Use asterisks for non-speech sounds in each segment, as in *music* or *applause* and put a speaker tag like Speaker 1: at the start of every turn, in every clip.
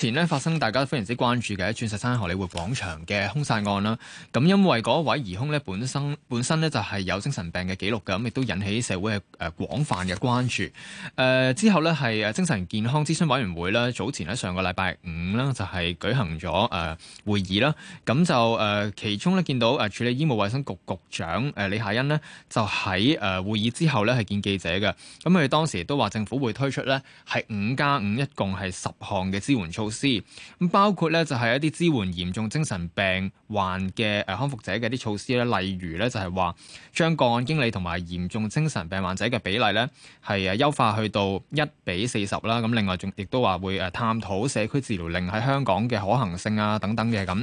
Speaker 1: 前呢，發生大家非常之關注嘅喺鑽石山荷里活廣場嘅兇殺案啦，咁因為嗰位疑兇呢，本身本身呢就係有精神病嘅記錄嘅，咁亦都引起社會嘅誒廣泛嘅關注。誒、呃、之後呢，係誒精神健康諮詢委員會呢，早前呢上個禮拜五呢，就係、是、舉行咗誒、呃、會議啦，咁就誒、呃、其中呢，見到誒處理醫務衛生局局長誒、呃、李夏茵呢，就喺誒、呃、會議之後呢，係見記者嘅，咁佢當時都話政府會推出呢，係五加五一共係十項嘅支援措施。措施咁包括咧，就係一啲支援嚴重精神病患嘅誒康復者嘅一啲措施咧，例如咧就係話將個案經理同埋嚴重精神病患者嘅比例咧係誒優化去到一比四十啦。咁另外仲亦都話會誒探討社區治療令喺香港嘅可行性啊等等嘅，咁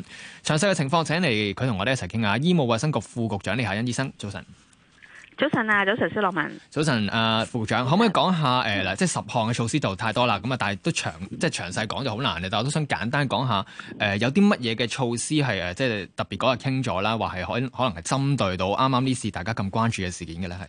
Speaker 1: 詳細嘅情況，請嚟佢同我哋一齊傾下。醫務衛生局副局長李夏茵醫生，早晨。
Speaker 2: 早晨啊，早晨，施樂文。
Speaker 1: 早晨，啊，副長，早晨，可唔可以講下誒嗱、呃，即係十項嘅措施就太多啦，咁啊，但係都長即係詳細講就好難嘅，但係我都想簡單講下誒、呃，有啲乜嘢嘅措施係誒，即係特別嗰日傾咗啦，話係可可能係針對到啱啱呢次大家咁關注嘅事件嘅咧，係。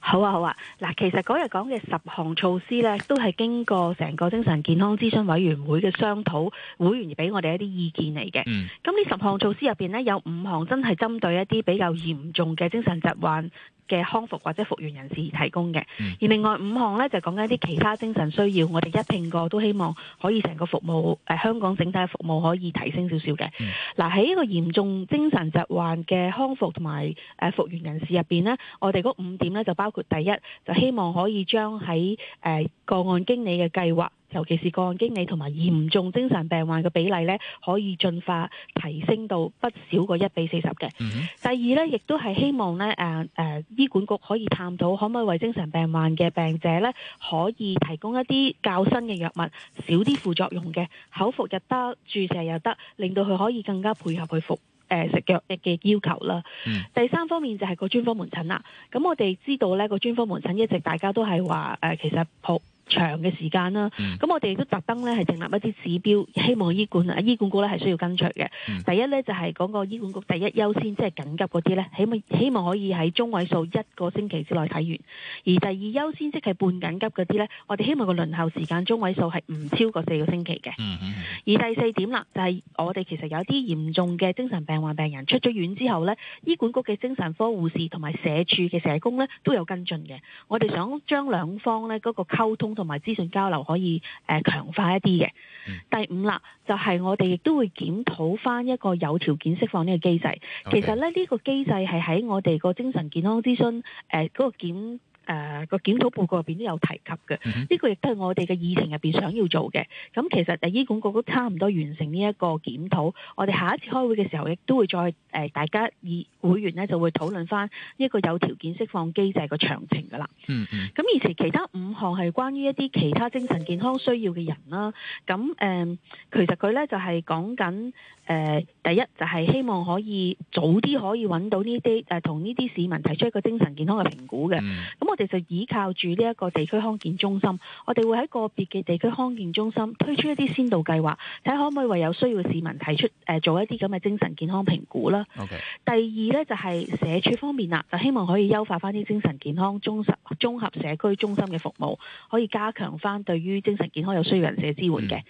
Speaker 2: 好啊，好啊，嗱，其實嗰日講嘅十項措施咧，都係經過成個精神健康諮詢委員會嘅商討，會員而俾我哋一啲意見嚟嘅。咁呢、嗯、十項措施入邊呢，有五項真係針對一啲比較嚴重嘅精神疾患嘅康復或者復原人士而提供嘅，嗯、而另外五項咧就講緊啲其他精神需要，我哋一拼過都希望可以成個服務誒、呃、香港整體嘅服務可以提升少少嘅。嗱喺呢個嚴重精神疾患嘅康復同埋誒復原人士入邊呢，我哋嗰五點咧就包括第一就希望可以將喺誒、呃、個案經理嘅計劃。尤其是個案經理同埋嚴重精神病患嘅比例咧，可以進化提升到不少過一比四十嘅。Mm hmm. 第二咧，亦都係希望咧，誒、呃、誒，醫管局可以探討可唔可以為精神病患嘅病者咧，可以提供一啲較新嘅藥物，少啲副作用嘅，口服又得，注射又得，令到佢可以更加配合去服誒、呃、食藥嘅要求啦。Mm hmm. 第三方面就係個專科門診啦。咁我哋知道咧，個專科門診一直大家都係話，誒、呃、其實好長嘅時間啦，咁、嗯、我哋亦都特登咧係成立一啲指標，希望醫管，醫管局咧係需要跟隨嘅。嗯、第一咧就係、是、講個醫管局第一優先即係緊急嗰啲咧，起碼希望可以喺中位數一個星期之內睇完。而第二優先即係半緊急嗰啲咧，我哋希望個輪候時間中位數係唔超過四個星期嘅。嗯嗯、而第四點啦，就係、是、我哋其實有啲嚴重嘅精神病患病人出咗院之後呢，醫管局嘅精神科護士同埋社署嘅社工呢都有跟進嘅。我哋想將兩方呢嗰、那個溝通。同埋資訊交流可以誒、呃、強化一啲嘅。嗯、第五啦，就係、是、我哋亦都會檢討返一個有條件釋放呢個機制。其實咧，呢 Okay. 個機制係喺我哋個精神健康諮詢誒嗰個檢。誒個、呃、檢討報告入邊都有提及嘅，呢、嗯、哼個亦都係我哋嘅議程入邊想要做嘅。咁其實誒醫管局都差唔多完成呢一個檢討，我哋下一次開會嘅時候亦都會再誒、呃、大家以會員咧就會討論翻呢個有條件釋放機制嘅詳情㗎啦。嗯嗯哼。咁而且其他五項係關於一啲其他精神健康需要嘅人啦、啊。咁誒、呃，其實佢咧就係講緊。呃、第一就係、是、希望可以早啲可以揾到呢啲、呃、同呢啲市民提出一個精神健康嘅評估嘅。咁、嗯、我哋就依靠住呢一個地區康健中心，我哋會喺個別嘅地區康健中心推出一啲先導計劃，睇下可唔可以為有需要嘅市民提出、呃、做一啲咁嘅精神健康評估啦。Okay. 第二呢就係、是、社處方面啦，就希望可以優化翻啲精神健康綜合綜合社區中心嘅服務，可以加強翻對於精神健康有需要人士支援嘅。嗯、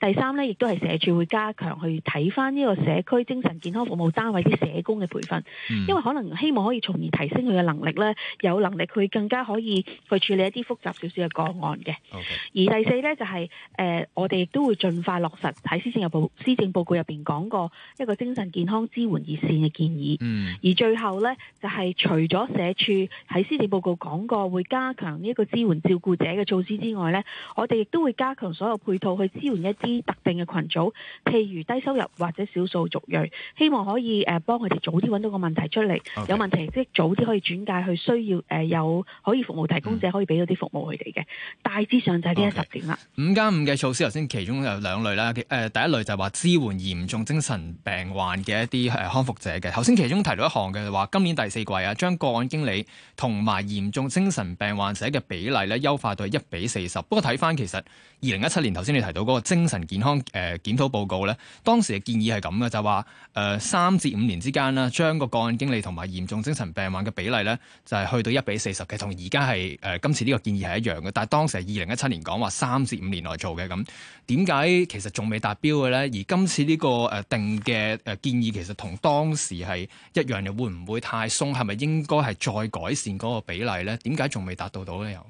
Speaker 2: 第三呢亦都係社署會,會加強去睇翻。翻呢個社區精神健康服務單位啲社工嘅培訓，因為可能希望可以從而提升佢嘅能力咧，有能力佢更加可以去處理一啲複雜少少嘅個案嘅。而第四咧就係、是、誒、呃、我哋亦都會盡快落實喺施政入部施政報告入邊講過一個精神健康支援熱綫嘅建議。嗯、而最後咧就係、是、除咗社署喺施政報告講過會加強呢一個支援照顧者嘅措施之外咧，我哋亦都會加強所有配套去支援一啲特定嘅群組，譬如低收入或或者少數族裔，希望可以誒、呃、幫佢哋早啲搵到個問題出嚟，Okay. 有問題即係早啲可以轉介去需要誒、呃、有可以服務提供者可以俾到啲服務佢哋嘅。Mm. 大致上就係呢一十點啦。
Speaker 1: 五加五嘅措施，頭先其中有兩類啦，誒、呃、第一類就係話支援嚴重精神病患嘅一啲、呃、康復者嘅。頭先其中提到一項嘅話，今年第四季啊，將個案經理同埋嚴重精神病患者嘅比例咧，優化到一比四十。不過睇返其實二零一七年頭先你提到嗰個精神健康誒、呃、檢討報告咧，當時嘅建意係咁嘅，就話誒三至五年之間咧，將個個案經理同埋嚴重精神病患嘅比例咧，就係去到一比四十嘅，同而家係誒今次呢個建議係一樣嘅。但係當時係二零一七年講話三至五年內做嘅，咁點解其實仲未達標嘅咧？而今次呢個誒定嘅誒建議其實同當時係一樣嘅，又會唔會太鬆？係咪應該係再改善嗰個比例咧？點解仲未達到到咧？又？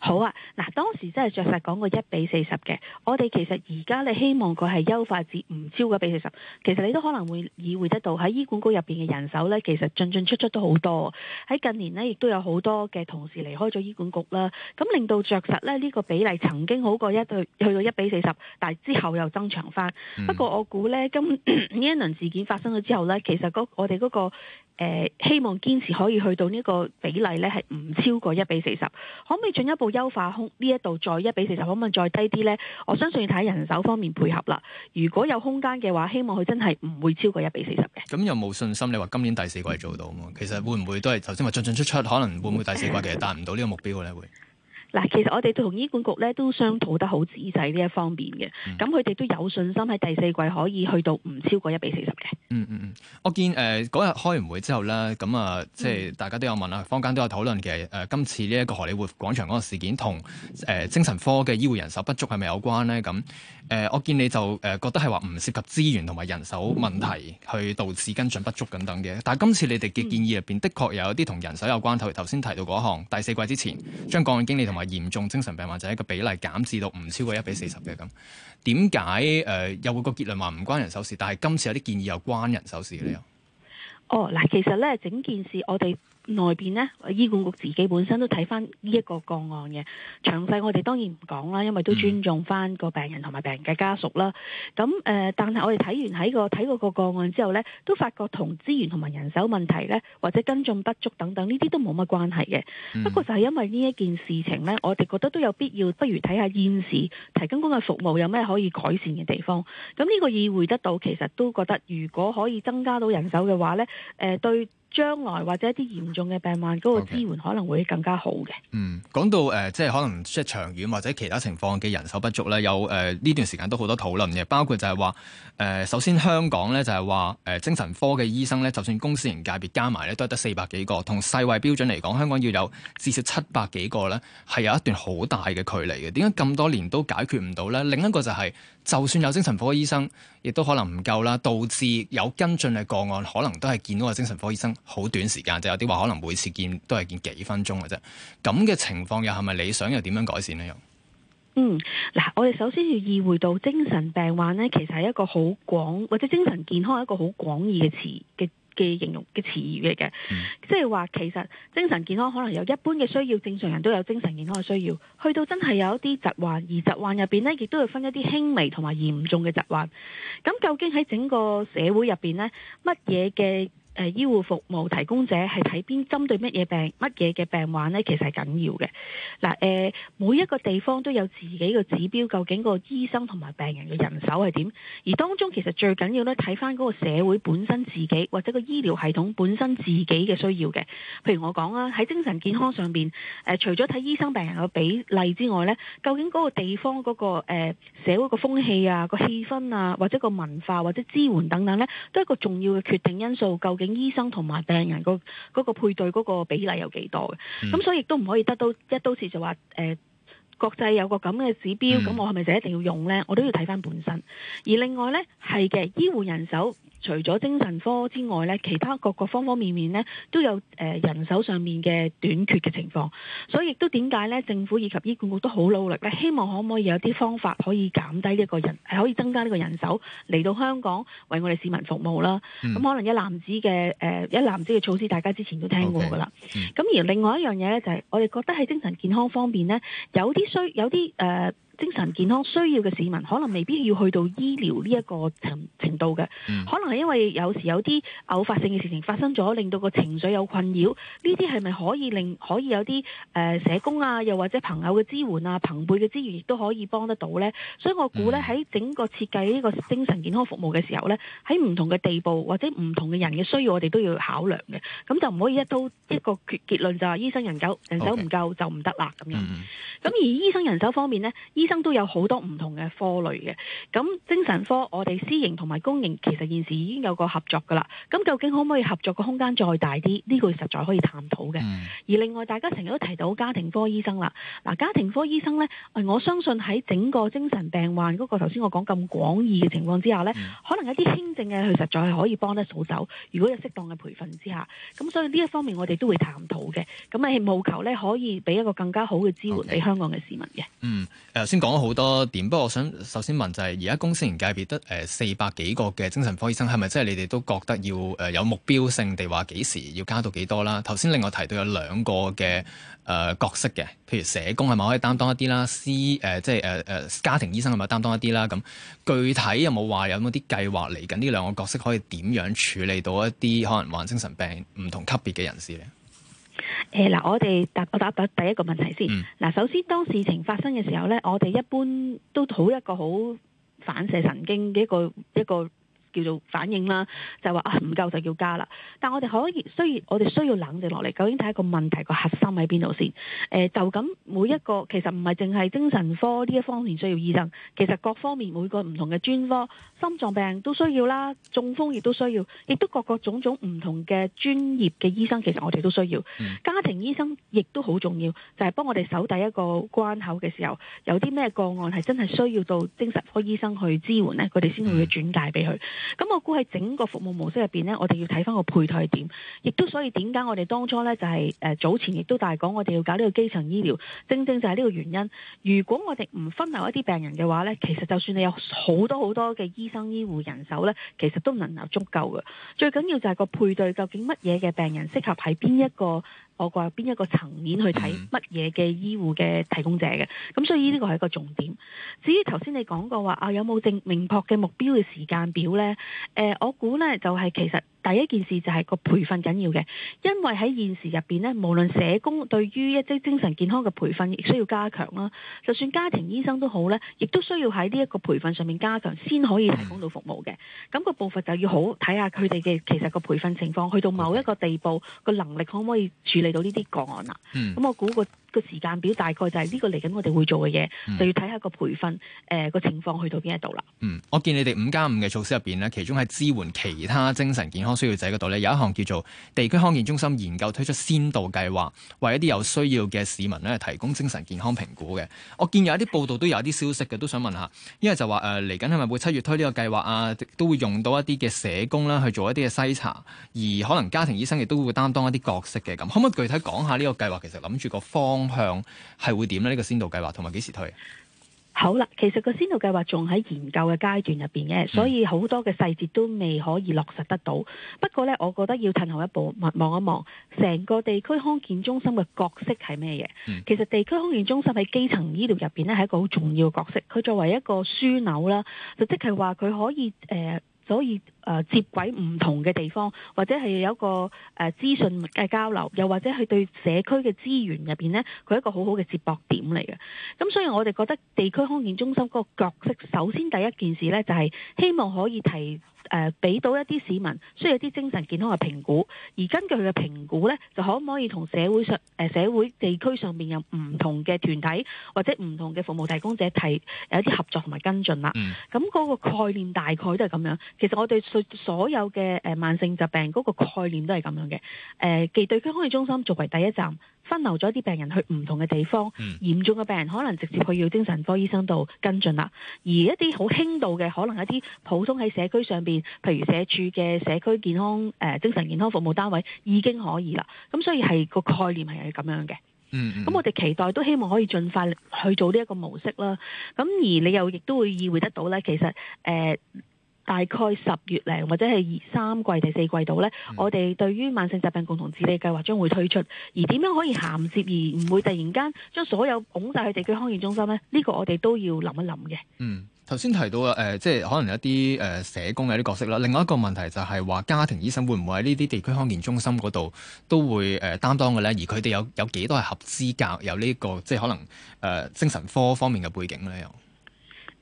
Speaker 2: 好啊，嗱，當時真係着實講過一比四十嘅，我哋其實而家咧希望佢係優化至唔超過一比四十。其實你都可能會意會得到喺醫管局入邊嘅人手咧，其實進進出出都好多。喺近年咧，亦都有好多嘅同事離開咗醫管局啦，咁令到着實咧呢、這個比例曾經好過一對去到一比四十，但係之後又增長翻。嗯、不過我估咧，今呢 *coughs* 一輪事件發生咗之後咧，其實嗰我哋嗰、那個誒、呃、希望堅持可以去到呢個比例咧係唔超過一比四十，可唔可以進一步？優化空呢一度再一比四十可唔可以再低啲呢？我相信要睇人手方面配合啦。如果有空間嘅話，希望佢真係唔會超過一比四十
Speaker 1: 嘅。咁有冇信心？你話今年第四季做到嘛？其實會唔會都係頭先話進進出出，可能會唔會第四季其實達唔到呢個目標呢？會？ *laughs*
Speaker 2: 嗱，其實我哋同醫管局咧都商討得好仔細呢一方面嘅，咁佢哋都有信心喺第四季可以去到唔超過一比四十嘅。嗯
Speaker 1: 嗯嗯，我見誒嗰日開完會之後咧，咁啊、呃，即係大家都有問啊，坊間都有討論嘅誒、呃，今次呢一個荷里活廣場嗰個事件同誒、呃、精神科嘅醫護人手不足係咪有關咧？咁誒、呃，我見你就誒、呃、覺得係話唔涉及資源同埋人手問題去導致跟進不足等等嘅，但係今次你哋嘅建議入邊，的確有啲同人手有關，頭頭先提到嗰項第四季之前將個案經理同。話嚴重精神病患者，就係，一個比例減至到唔超過比，呃、一比四十嘅。咁點解誒又個結論話唔關人手事，但係今次有啲建議又關人手事咧？你哦，
Speaker 2: 嗱，其實咧整件事我哋。內邊呢，醫管局自己本身都睇翻呢一個個案嘅，詳細我哋當然唔講啦，因為都尊重翻個病人同埋病人嘅家屬啦。咁誒、呃，但係我哋睇完喺個睇嗰個個案之後呢，都發覺同資源同埋人手問題呢，或者跟進不足等等呢啲都冇乜關係嘅。嗯、不過就係因為呢一件事情呢，我哋覺得都有必要，不如睇下現時提供緊嘅服務有咩可以改善嘅地方。咁呢個議會得到其實都覺得，如果可以增加到人手嘅話呢。呃、對將來或者一啲嚴重嘅病患嗰個支援可能會更加好嘅。Okay.
Speaker 1: 嗯，講到、呃、即係可能即係長遠或者其他情況嘅人手不足咧，有誒呢、呃、段時間都好多討論嘅，包括就係話、呃、首先香港咧就係、是、話、呃、精神科嘅醫生咧，就算公私營界別加埋咧都係得四百幾個，同世衞標準嚟講，香港要有至少七百幾個咧，係有一段好大嘅距離嘅。點解咁多年都解決唔到咧？另一個就係、是。就算有精神科醫生，亦都可能唔夠啦，導致有跟進嘅個案，可能都係見到個精神科醫生好短時間，就有啲話可能每次見都係見幾分鐘嘅啫。咁嘅情況又係咪理想？又點樣改善呢？又嗯，
Speaker 2: 嗱，我哋首先要意會到精神病患咧，其實係一個好廣，或者精神健康係一個好廣義嘅詞嘅。嘅形容嘅詞語嚟嘅，即係話其實精神健康可能有一般嘅需要，正常人都有精神健康嘅需要，去到真係有一啲疾患，而疾患入邊呢亦都要分一啲輕微同埋嚴重嘅疾患。咁究竟喺整個社會入邊呢，乜嘢嘅？誒，醫護服務提供者係睇邊針對乜嘢病乜嘢嘅病患呢？其實係緊要嘅。嗱，每一個地方都有自己嘅指標，究竟個醫生同埋病人嘅人手係點？而當中其實最緊要呢，睇翻嗰個社會本身自己，或者個醫療系統本身自己嘅需要嘅。譬如我講啊，喺精神健康上面，除咗睇醫生病人嘅比例之外呢，究竟嗰個地方嗰、嗰個社會個風氣啊、個氣氛啊，或者個文化或者支援等等呢，都係一個重要嘅決定因素。究竟醫生同埋病人個嗰個配對嗰個比例有幾多嘅？咁所以亦都唔可以得到一刀切，就話誒，國際有個咁嘅指標，咁我係咪就一定要用咧？我都要睇翻本身。而另外咧係嘅，醫護人手。除咗精神科之外咧，其他各個方方面面咧都有誒人手上面嘅短缺嘅情況，所以亦都點解咧政府以及醫管局都好努力咧，希望可唔可以有啲方法可以減低呢個人，係可以增加呢個人手嚟到香港為我哋市民服務啦。咁、嗯、可能一攬子嘅誒一攬子嘅措施，大家之前都聽過噶啦。咁、okay, 嗯、而另外一樣嘢咧，就係我哋覺得喺精神健康方面咧，有啲需有啲誒。呃精神健康需要嘅市民，可能未必要去到醫療呢一個程程度嘅，嗯、可能係因為有時有啲偶發性嘅事情發生咗，令到個情緒有困擾，呢啲係咪可以令可以有啲誒、呃、社工啊，又或者朋友嘅支援啊，朋輩嘅資源亦都可以幫得到咧？所以我估咧喺整個設計呢個精神健康服務嘅時候咧，喺唔同嘅地步或者唔同嘅人嘅需要，我哋都要考量嘅。咁就唔可以一刀一個結論就話，是，醫生人手人手唔夠就唔得啦，咁樣咁、嗯、而醫生人手方面咧，醫生都有好多唔同嘅科類嘅，咁精神科我哋私營同埋公營其實現時已經有個合作噶啦，咁究竟可唔可以合作個空間再大啲？呢、這個實在可以探討嘅。Mm. 而另外大家成日都提到家庭科醫生啦，嗱、啊、家庭科醫生呢，我相信喺整個精神病患嗰、那個頭先我講咁廣義嘅情況之下呢，mm. 可能一啲輕症嘅佢實在係可以幫得手手，如果有適當嘅培訓之下，咁所以呢一方面我哋都會探討嘅。咁啊，務求呢，可以俾一個更加好嘅支援俾 Okay. 香港嘅市民嘅。嗯
Speaker 1: ，mm. uh, 講咗好多點，不過我想首先問就係，而家公私營界別得誒四百幾個嘅精神科醫生，係咪即係你哋都覺得要誒有目標性地話幾時要加到幾多啦？頭先另外提到有兩個嘅誒、呃、角色嘅，譬如社工係咪可以擔當一啲啦？私誒、呃、即係誒誒家庭醫生係咪擔當一啲啦？咁具體有冇話有冇啲計劃嚟緊呢兩個角色可以點樣處理到一啲可能患精神病唔同級別嘅人士咧？
Speaker 2: 誒，嗱、呃，我哋答我答答第一個問題先。嗱、嗯，首先當事情發生嘅時候咧，我哋一般都好一個好反射神經嘅一個一個。一個叫做反應啦，就話、是、啊唔夠就要加啦。但我哋可以需要，我哋需要冷靜落嚟，究竟睇一個問題個核心喺邊度先？誒、呃，就咁每一個其實唔係淨係精神科呢一方面需要醫生，其實各方面每個唔同嘅專科，心臟病都需要啦，中風亦都需要，亦都各個種種唔同嘅專業嘅醫生，其實我哋都需要。家庭醫生亦都好重要，就係、是、幫我哋守第一個關口嘅時候，有啲咩個案係真係需要到精神科醫生去支援咧，佢哋先會去轉介俾佢。咁我估喺整個服務模式入邊呢，我哋要睇翻個配套係點，亦都所以點解我哋當初呢，就係、是、誒、呃、早前亦都大講我哋要搞呢個基層醫療，正正就係呢個原因。如果我哋唔分流一啲病人嘅話呢，其實就算你有好多好多嘅醫生醫護人手呢，其實都唔能夠足夠嘅。最緊要就係個配對，究竟乜嘢嘅病人適合喺邊一個？我個邊一個層面去睇乜嘢嘅醫護嘅提供者嘅，咁所以呢個係一個重點。至於頭先你講過話啊，有冇正明確嘅目標嘅時間表呢？呃、我估呢就係、是、其實第一件事就係個培訓緊要嘅，因為喺現時入面呢，無論社工對於一啲精神健康嘅培訓亦需要加強啦。就算家庭醫生都好呢，亦都需要喺呢一個培訓上面加強，先可以提供到服務嘅。咁、那個步伐就要好睇下佢哋嘅其實個培訓情況，去到某一個地步，個能力可唔可以處理？嚟到呢啲個案啦，嗯咁我估個。個時間表大概就係呢個嚟緊，我哋會做嘅嘢，嗯、就要睇下個培訓誒個、呃、情況去到邊一度啦。
Speaker 1: 嗯，我見你哋五加五嘅措施入邊咧，其中係支援其他精神健康需要者嗰度咧，有一項叫做地區康健中心研究推出先導計劃，為一啲有需要嘅市民咧提供精神健康評估嘅。我見有一啲報道都有一啲消息嘅，都想問下，因為就話誒嚟緊係咪會七月推呢個計劃啊？都會用到一啲嘅社工啦去做一啲嘅篩查，而可能家庭醫生亦都會擔當一啲角色嘅咁。可唔可以具體講下呢個計劃其實諗住個方向係會點呢？呢、這個先導計劃同埋幾時退？
Speaker 2: 好啦，其實個先導計劃仲喺研究嘅階段入邊嘅，所以好多嘅細節都未可以落實得到。嗯、不過呢，我覺得要退後一步，望一望成個地區康健中心嘅角色係咩嘢？嗯、其實地區康健中心喺基層醫療入邊呢，係一個好重要嘅角色。佢作為一個樞紐啦，就即係話佢可以誒。呃所以誒、呃、接軌唔同嘅地方，或者係有一個誒、呃、資訊嘅交流，又或者係對社區嘅資源入邊呢，佢一個好好嘅接駁點嚟嘅。咁所以我哋覺得地區康健中心嗰個角色，首先第一件事呢，就係、是、希望可以提誒俾、呃、到一啲市民需要啲精神健康嘅評估，而根據佢嘅評估呢，就可唔可以同社會上社會地區上面有唔同嘅團體或者唔同嘅服務提供者提有一啲合作同埋跟進啦。咁嗰、嗯、個概念大概都係咁樣。其實我哋所所有嘅誒慢性疾病嗰個概念都係咁樣嘅，誒、呃，既對區康健中心作為第一站，分流咗一啲病人去唔同嘅地方，嗯、嚴重嘅病人可能直接去到精神科醫生度跟進啦，而一啲好輕度嘅，可能一啲普通喺社區上面，譬如社署嘅社區健康誒、呃、精神健康服務單位已經可以啦，咁所以係、那個概念係係咁樣嘅，嗯，嗯，咁我哋期待都希望可以盡快去做呢一個模式啦，咁而你又亦都會意會得到咧，其實誒。呃大概十月零或者係二三季第四季度呢，嗯、我哋對於慢性疾病共同治理計劃將會推出，而點樣可以銜接而唔會突然間將所有拱晒去地區康健中心呢？呢、呢個我哋都要諗一諗嘅。嗯，
Speaker 1: 頭先提到啊、呃，即係可能一啲、呃、社工嘅一啲角色啦。另外一個問題就係話，家庭醫生會唔會喺呢啲地區康健中心嗰度都會誒、呃、擔當嘅呢？而佢哋有有幾多係合資格有呢、呢個即係可能、呃、精神科方面嘅背景呢？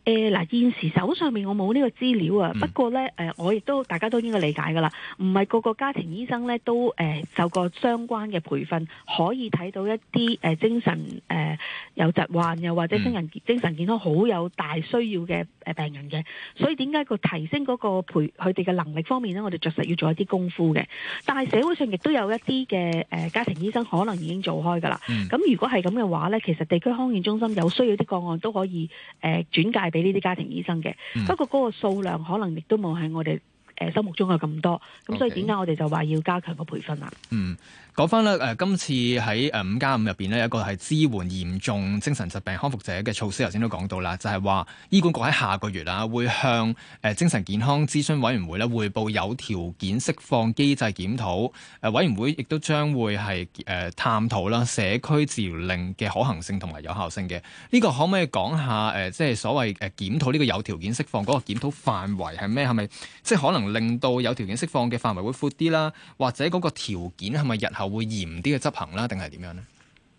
Speaker 2: 誒嗱，現時手上面我冇呢個資料啊，嗯、不過咧，我亦都大家都應該理解㗎啦。唔係個個家庭醫生咧都誒、呃、受過相關嘅培訓，可以睇到一啲誒、呃、精神誒、呃、有疾患，又或者精神精神健康好有大需要嘅病人嘅。所以點解佢提升嗰個培佢哋嘅能力方面咧，我哋着實要做一啲功夫嘅。但係社會上亦都有一啲嘅誒家庭醫生可能已經做開㗎啦。咁、嗯、如果係咁嘅話咧，其實地區康健中心有需要啲個案都可以誒、呃、轉介俾呢啲家庭醫生嘅，嗯、不過嗰個數量可能亦都冇喺我哋誒、呃、心目中有咁多，咁所以點解我哋就話要加強個
Speaker 1: 培訓啊。嗯。講翻咧，誒今次喺五加五入面呢，呢有一個係支援嚴重精神疾病康復者嘅措施。頭先都講到啦，就係、是、話醫管局喺下個月啦、啊、會向、呃、精神健康諮詢委員會咧，匯報有條件釋放機制檢討、呃。委員會亦都將會係、呃、探討啦社區治療令嘅可行性同埋有效性嘅。呢、這個可唔可以講下、呃、即係所謂誒、呃、檢討呢個有條件釋放嗰個檢討範圍係咩？係咪即係可能令到有條件釋放嘅範圍會闊啲啦？或者嗰個條件係咪日後？會嚴啲嘅執行啦，定係點樣呢？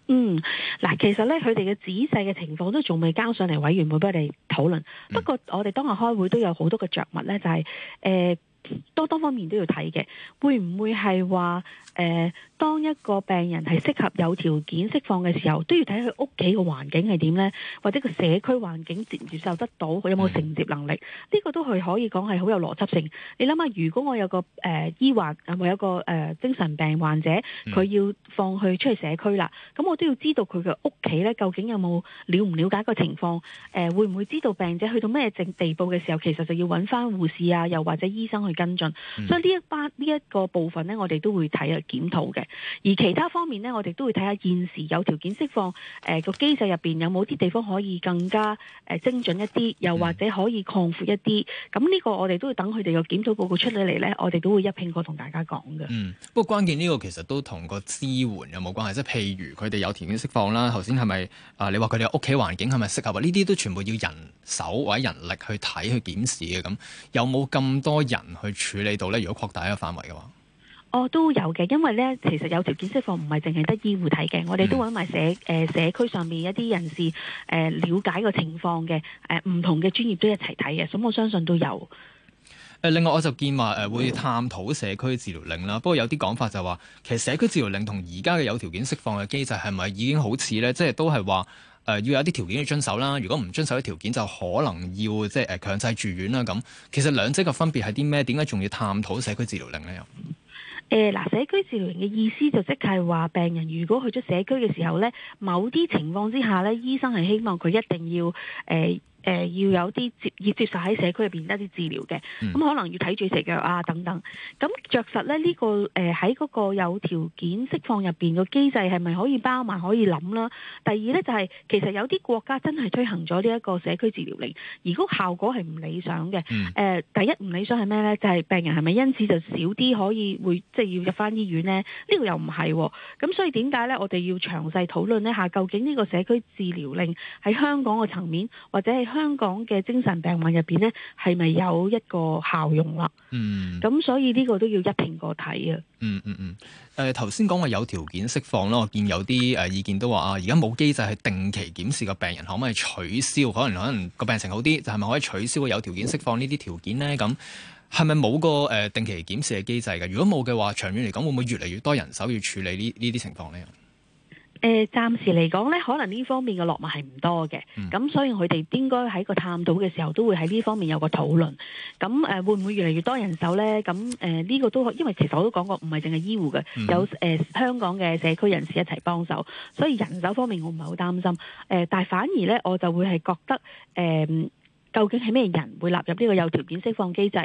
Speaker 1: 嗯，
Speaker 2: 嗱，其實咧，佢哋嘅仔細嘅情況都仲未交上嚟委員會俾我哋討論。嗯、不過我哋當日開會都有好多嘅着物咧，就係、是、誒。呃多多方面都要睇嘅，會唔會係話誒，當一個病人係適合有條件釋放嘅時候，都要睇佢屋企嘅環境係點咧，或者個社區環境接唔接受得到，佢有冇承接能力？呢，這個都係可以講係好有邏輯性。你諗下，如果我有個誒、呃，醫患，我有個誒、呃，精神病患者，佢要放佢出去社區啦，咁我都要知道佢嘅屋企咧，究竟有冇了唔了解個情況？誒、呃，會唔會知道病者去到咩症地步嘅時候，其實就要揾翻護士啊，又或者醫生去。嗯嗯嗯、跟進，所以呢一班呢一個部分呢，我哋都會睇下檢討嘅。而其他方面呢，我哋都會睇下現時有條件釋放誒個機制入邊有冇啲地方可以更加誒精準一啲，又或者可以擴闊一啲。咁呢個我哋都會等佢哋個檢討報告出嚟。嚟呢，我哋都會一併過同大家講嘅。
Speaker 1: 嗯，不過關鍵呢個其實都同個支援有冇關係，即係譬如佢哋有條件釋放啦，頭先係咪啊？你話佢哋屋企環境係咪適合啊？呢啲都全部要人手或者人力去睇去檢視嘅，咁有冇咁多人去？去處理到呢？如果擴大一個範圍嘅話，
Speaker 2: 哦，都有嘅，因為呢，其實有條件釋放唔係淨係得醫護睇嘅，嗯、我哋都揾埋社誒、呃、社區上面一啲人士誒、呃、了解個情況嘅誒，唔、呃、同嘅專業都一齊睇嘅，咁我相信
Speaker 1: 都有誒、呃。另外我就見話誒、呃、會探討社區治療令啦，不過、嗯、有啲講法就話、是、其實社區治療令同而家嘅有條件釋放嘅機制係咪已經好似呢？即係都係話。誒、呃、要有啲條件要遵守啦，如果唔遵守啲條件，就可能要即係誒強制住院啦。咁其實兩者嘅分別係啲咩？點解仲要探討社區治療令呢？又
Speaker 2: 誒嗱，社區治療令嘅意思就即係話，病人如果去咗社區嘅時候呢，某啲情況之下呢，醫生係希望佢一定要誒。呃誒、呃、要有啲接要接受喺社區入邊得啲治療嘅，咁、嗯、可能要睇住食藥啊等等。咁着實咧呢、呢個誒喺嗰個有條件釋放入邊個機制係咪可以包埋可以諗啦？第二咧就係、是、其實有啲國家真係推行咗呢一個社區治療令，而嗰效果係唔理想嘅、嗯呃。第一唔理想係咩咧？就係、是、病人係咪因此就少啲可以會即係、就是、要入翻醫院咧？呢個又唔係、哦，喎。咁所以點解咧？我哋要詳細討論一下究竟呢個社區治療令喺香港嘅層面或者係香港嘅精神病患入邊咧，係咪有一個效用啦？嗯，咁所以呢個都要一評過睇啊。嗯嗯
Speaker 1: 嗯。誒、呃，頭先講話有條件釋放咯，我見有啲誒、呃、意見都話啊，而家冇機制去定期檢視個病人可唔可以取消？可能可能個病情好啲，就係咪可以取消個有條件釋放呢啲條件咧？咁係咪冇個誒定期檢視嘅機制嘅？如果冇嘅話，長遠嚟講會唔會越嚟越多人手要處理呢呢啲情況咧？
Speaker 2: 誒，暫、呃、時嚟講咧，可能呢方面嘅落馬係唔多嘅，咁、嗯、所以佢哋應該喺個探討嘅時候，都會喺呢方面有個討論。咁誒，會唔會越嚟越多人手咧？咁誒，呢、呃這個都因為其實我都講過，唔係淨係醫護嘅，有誒、呃、香港嘅社區人士一齊幫手，所以人手方面我唔係好擔心。誒、呃，但係反而咧，我就會係覺得誒。呃究竟係咩人會納入呢個有條件釋放機制？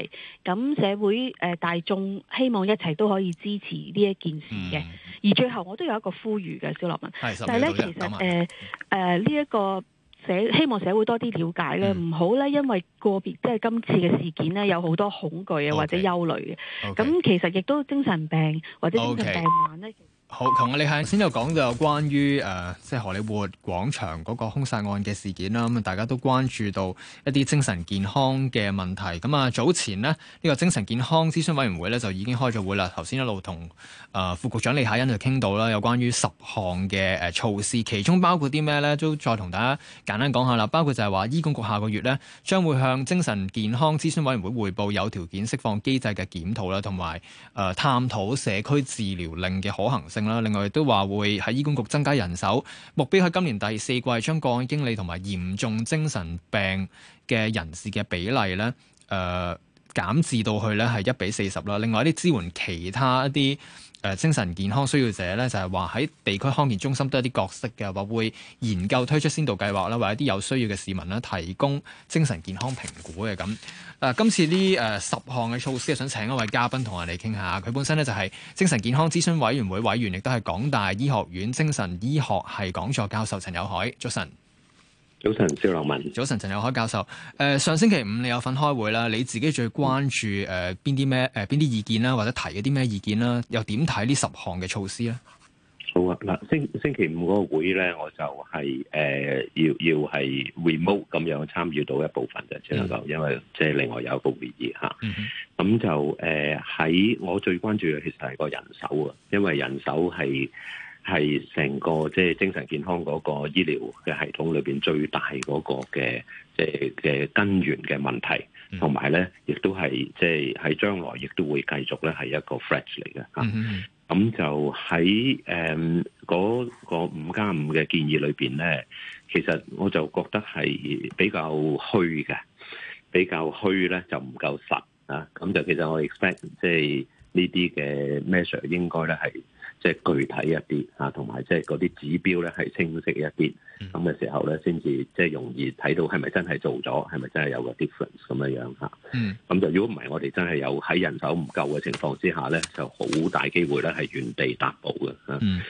Speaker 2: 咁社會誒、呃、大眾希望一齊都可以支持呢一件事嘅。嗯、而最後我都有一個呼籲嘅，小樂文。是的但係呢咧，1, 其實誒誒呢一個社希望社會多啲了解咧，唔好咧因為個別即係今次嘅事件咧有好多恐懼啊或者憂慮嘅。咁 Okay. Okay. 其實亦都精神病或者精神病患咧。Okay.
Speaker 1: 好，琴我哋向先又講到有關於誒、呃、即係荷里活廣場嗰個兇殺案嘅事件啦。咁啊，大家都關注到一啲精神健康嘅問題，咁啊，早前咧，呢、這個精神健康諮詢委員會咧就已經開咗會啦。頭先一路同誒、呃、副局長李夏茵去傾到啦，有關於十項嘅誒措施，其中包括啲咩咧，都再同大家簡單講下啦。包括就係話醫管局下個月咧將會向精神健康諮詢委員會匯報有條件釋放機制嘅檢討啦，同埋誒探討社區治療令嘅可行性。啦，另外亦都話會喺醫管局增加人手，目標喺今年第四季將個案經理同埋嚴重精神病嘅人士嘅比例呢誒、呃、減至到去呢係一比四十啦。另外一啲支援其他一啲。誒精神健康需要者咧，就係話喺地區康健中心都有啲角色嘅，話會研究推出先導計劃啦，為一啲有需要嘅市民提供精神健康評估嘅咁。誒，今次呢誒十項嘅措施，想請一位嘉賓同我哋傾下。佢本身咧就係精神健康諮詢委員會委員，亦都係港大醫學院精神醫學系講座教授陳友凱，早晨。
Speaker 3: 早晨，肖立文。
Speaker 1: 早晨，陳友凱教授。誒、呃，上星期五你有份開會啦？你自己最關注誒邊啲咩？誒邊啲意見啦，或者提一啲咩意見啦？又點睇呢十項嘅措施咧？
Speaker 3: 好啊，嗱，星星期五嗰個會咧，我就係、是、誒、呃、要要係 remote 咁樣參與到一部分嘅，只能夠，hmm. 因為即係另外有一個會議吓。咁、啊 mm hmm. 就誒喺、呃、我最關注嘅其實係個人手啊，因為人手係。係成個即係精神健康嗰個醫療嘅系統裏邊最大嗰個嘅即係嘅根源嘅問題，同埋咧，亦都係即係喺將來亦都會繼續咧係一個 fresh 嚟嘅嚇。咁、hmm. 啊、就喺誒嗰個五加五嘅建議裏邊咧，其實我就覺得係比較虛嘅，比較虛咧就唔夠實啊。咁就其實我 expect 即、就、係、係、呢啲嘅 measure 應該咧係。即係具體一啲嚇，同埋即係嗰啲指標咧係清晰一啲，咁嘅時候咧先至即係容易睇到係咪真係做咗，係咪真係有個 difference 咁嘅樣嚇。咁就如果唔係，我哋真係有喺人手唔夠嘅情況之下咧，就好大機會咧係原地踏步嘅嚇。嗯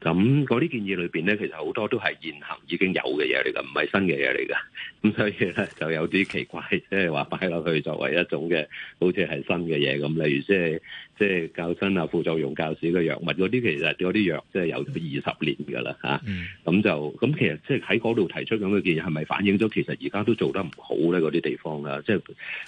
Speaker 3: 咁嗰啲建議裏面咧，其實好多都係現行已經有嘅嘢嚟噶，唔係新嘅嘢嚟噶。咁所以咧就有啲奇怪，即係話擺落去作為一種嘅，好似係新嘅嘢咁。例如即係即係較新啊、副作用較少嘅藥物，嗰啲其實嗰啲藥即係有二十年噶啦嚇。咁、mm. 啊、就咁其實即係喺嗰度提出咁嘅建議，係咪反映咗其實而家都做得唔好咧？嗰啲地方啦，即係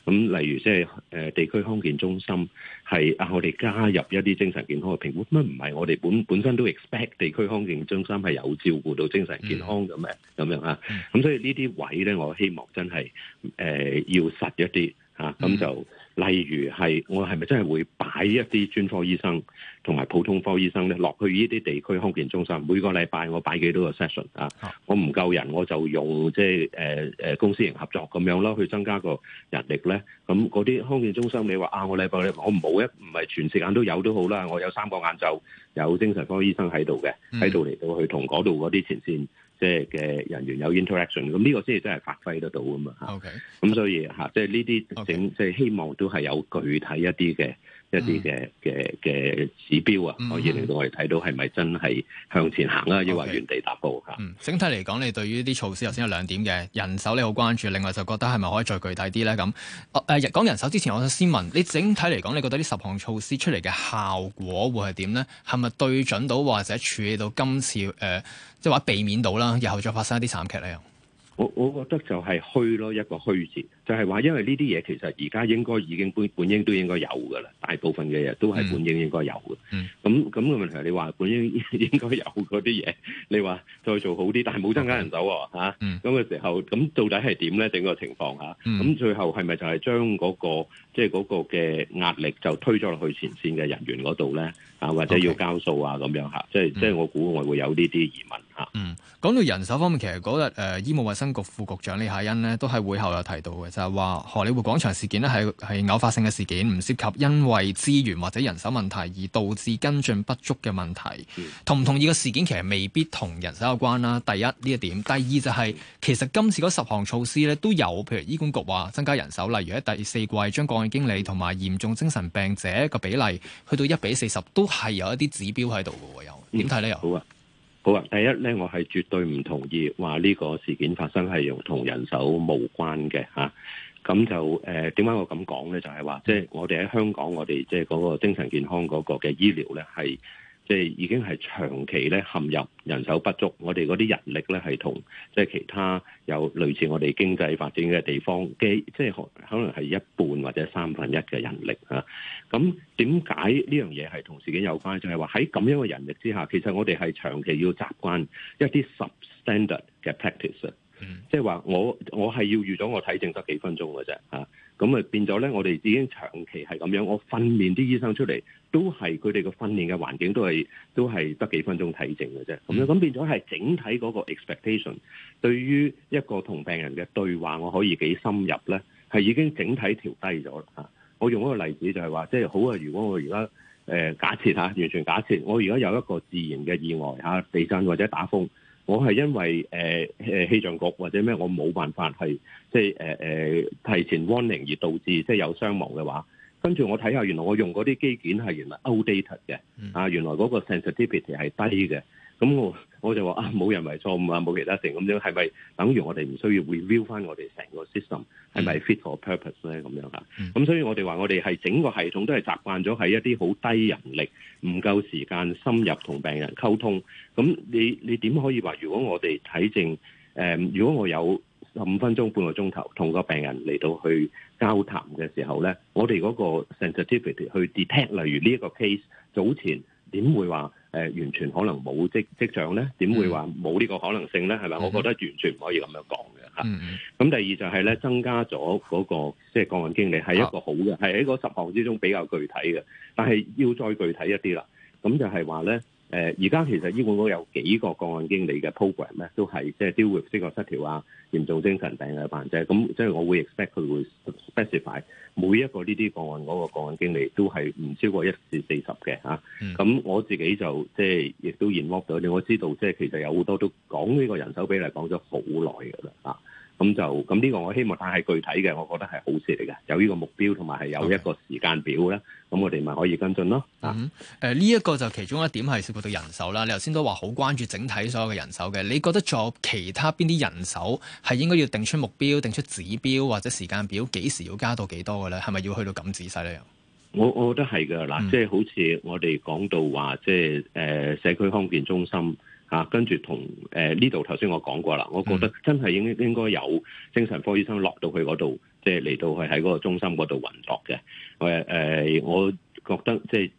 Speaker 3: 咁，例如即係呃、地區康健中心。係啊，我哋加入一啲精神健康嘅評估，乜唔係我哋本本身都 expect 地區康健中心係有照顧到精神健康嘅咁、嗯、樣啊，咁、嗯、所以呢啲位咧，我希望真係、呃、要實一啲咁、啊、就。嗯例如係我係咪真係會擺一啲專科醫生同埋普通科醫生咧落去呢啲地區康健中心？每個禮拜我擺幾多個 session 啊？我唔夠人我就用即係誒誒公私營合作咁樣咯，去增加個人力咧。咁嗰啲康健中心你話啊，我禮拜，禮拜我冇一唔係全時間都有都好啦。我有三個晏晝有精神科醫生喺度嘅，喺度嚟到去同嗰度嗰啲前線。即係嘅人員有 interaction，咁呢個先係真係發揮得到㗎嘛嚇。咁 Okay. 所以嚇，即係呢啲整，即係 Okay. 希望都係有具體一啲嘅。嗯、一啲嘅嘅嘅指標啊，可以令到我哋睇到係咪真係向前行啊，抑或、嗯、原地踏步嚇？Okay. 嗯，
Speaker 1: 整體嚟講，你對於啲措施頭先有兩點嘅人手，你好關注，另外就覺得係咪可以再具體啲咧？咁誒、啊啊，講人手之前，我想先問你，整體嚟講，你覺得呢十項措施出嚟嘅效果會係點咧？係咪對準到或者處理到今次誒，即係話避免到啦，以後再發生一啲慘劇咧？
Speaker 3: 我我覺得就係虛咯，一個虛字。就係話，因為呢啲嘢其實而家應該已經本本應都應該有嘅啦，大部分嘅嘢都係本應應該有嘅。咁咁嘅問題，你話本應應該有嗰啲嘢，你話再做好啲，但係冇增加人手嚇，咁嘅時候，咁到底係點咧？整個情況嚇，咁、嗯、最後係咪就係將嗰個即係嗰個嘅壓力就推咗落去前線嘅人員嗰度咧？啊，或者要交數啊咁 okay, 樣嚇，即係即係我估我會有呢啲疑問嚇。啊、嗯，
Speaker 1: 講到人手方面，其實嗰日誒醫務衛生局副局長李夏茵咧，都係會後有提到嘅。就話荷里活廣場事件咧係係偶發性嘅事件，唔涉及因為資源或者人手問題而導致跟進不足嘅問題。同唔同意個事件其實未必同人手有關啦。第一呢一點，第二就係、是、其實今次嗰十項措施都有，譬如醫管局話增加人手，例如喺第四季將個案經理同埋嚴重精神病者個比例去到一比四十，都係有一啲指標喺度嘅。又點睇呢？又、嗯、好
Speaker 3: 啊。好啊，第一咧，我係絕對唔同意話呢個事件發生係用同人手無關嘅吓，咁、啊、就誒、點、呃、解我咁講咧？就係、是、話、即、就、係、是、我哋喺香港，我哋即係嗰個精神健康嗰個嘅醫療咧係。是即係已經係長期咧陷入人手不足，我哋嗰啲人力咧係同即係其他有類似我哋經濟發展嘅地方，基即係可能係一半或者三分一嘅人力啊。咁點解呢樣嘢係同事件有關？就係話喺咁樣嘅人力之下，其實我哋係長期要習慣一啲 substandard 嘅 practice，即係話、嗯、我我係要預咗我睇症得幾分鐘嘅啫嚇。咁啊變咗咧，我哋已經長期係咁樣，我訓練啲醫生出嚟都係佢哋個訓練嘅環境都係都係得幾分鐘睇症嘅啫。咁樣咁變咗係整體嗰個 expectation，對於一個同病人嘅對話，我可以幾深入咧，係已經整體調低咗啦。我用一個例子就係話，即係好啊，如果我而家、呃、假設嚇，完全假設，我而家有一個自然嘅意外呀，地震或者打風。我係因為誒、呃、氣象局或者咩，我冇辦法係即、呃、提前 warning 而導致即係有傷亡嘅話，跟住我睇下原來我用嗰啲機件係原來 outdated 嘅，啊原來嗰個 sensitivity 係低嘅。咁我我就話啊，冇人為錯誤啊，冇其他事咁樣，係咪等於我哋唔需要 review 翻我哋成個 system 係咪 fit for purpose 咧？咁樣嚇。咁所以我哋話我哋係整個系統都係習慣咗喺一啲好低人力，唔夠時間深入同病人溝通。咁你你點可以話？如果我哋睇症、呃，如果我有十五分鐘、半個鐘頭同個病人嚟到去交談嘅時候咧，我哋嗰個 sensitivity 去 detect，例如呢一個 case 早前點會話？誒、呃，完全可能冇跡、跡象咧，點會話冇呢個可能性咧？係咪、mm hmm.？我覺得完全唔可以咁樣講嘅吓。咁、mm hmm. 第二就係咧，增加咗嗰、那個即係、就是、個案經理係一個好嘅，係喺嗰十項之中比較具體嘅，但係要再具體一啲啦。咁就係話咧。誒而家其實醫管局有幾個個案經理嘅 program 咧，都係即係 deal with 思覺失調啊、嚴重精神病嘅患者。咁、就是、即係我會 expect 佢會 specify 每一個呢啲個案嗰、嗰個個案經理都係唔超過一至四十嘅嚇。咁、啊嗯、我自己就即係亦都 research 到咧，我知道即係其實有好多都講呢個人手比例講咗好耐㗎啦嚇。啊咁就咁呢個我希望，但係具體嘅，我覺得係好事嚟嘅，有呢個目標同埋係有一個時間表咧，咁 Okay. 我哋咪可以跟進咯。
Speaker 1: 啊、嗯，誒、呃、呢一個就其中一點係涉及到人手啦。你頭先都話好關注整體所有嘅人手嘅，你覺得作其他邊啲人手係應該要定出目標、定出指標或者時間表，幾時要加到幾多嘅咧？係咪要去到咁仔細咧？
Speaker 3: 我我覺得係嘅嗱，即係好似我哋講到話，即係誒社區康健中心。啊，跟住同誒呢度頭先我講過啦，我覺得真係應應該有精神科醫生落到去嗰度，即係嚟到去喺嗰個中心嗰度運作嘅。呃。我覺得即係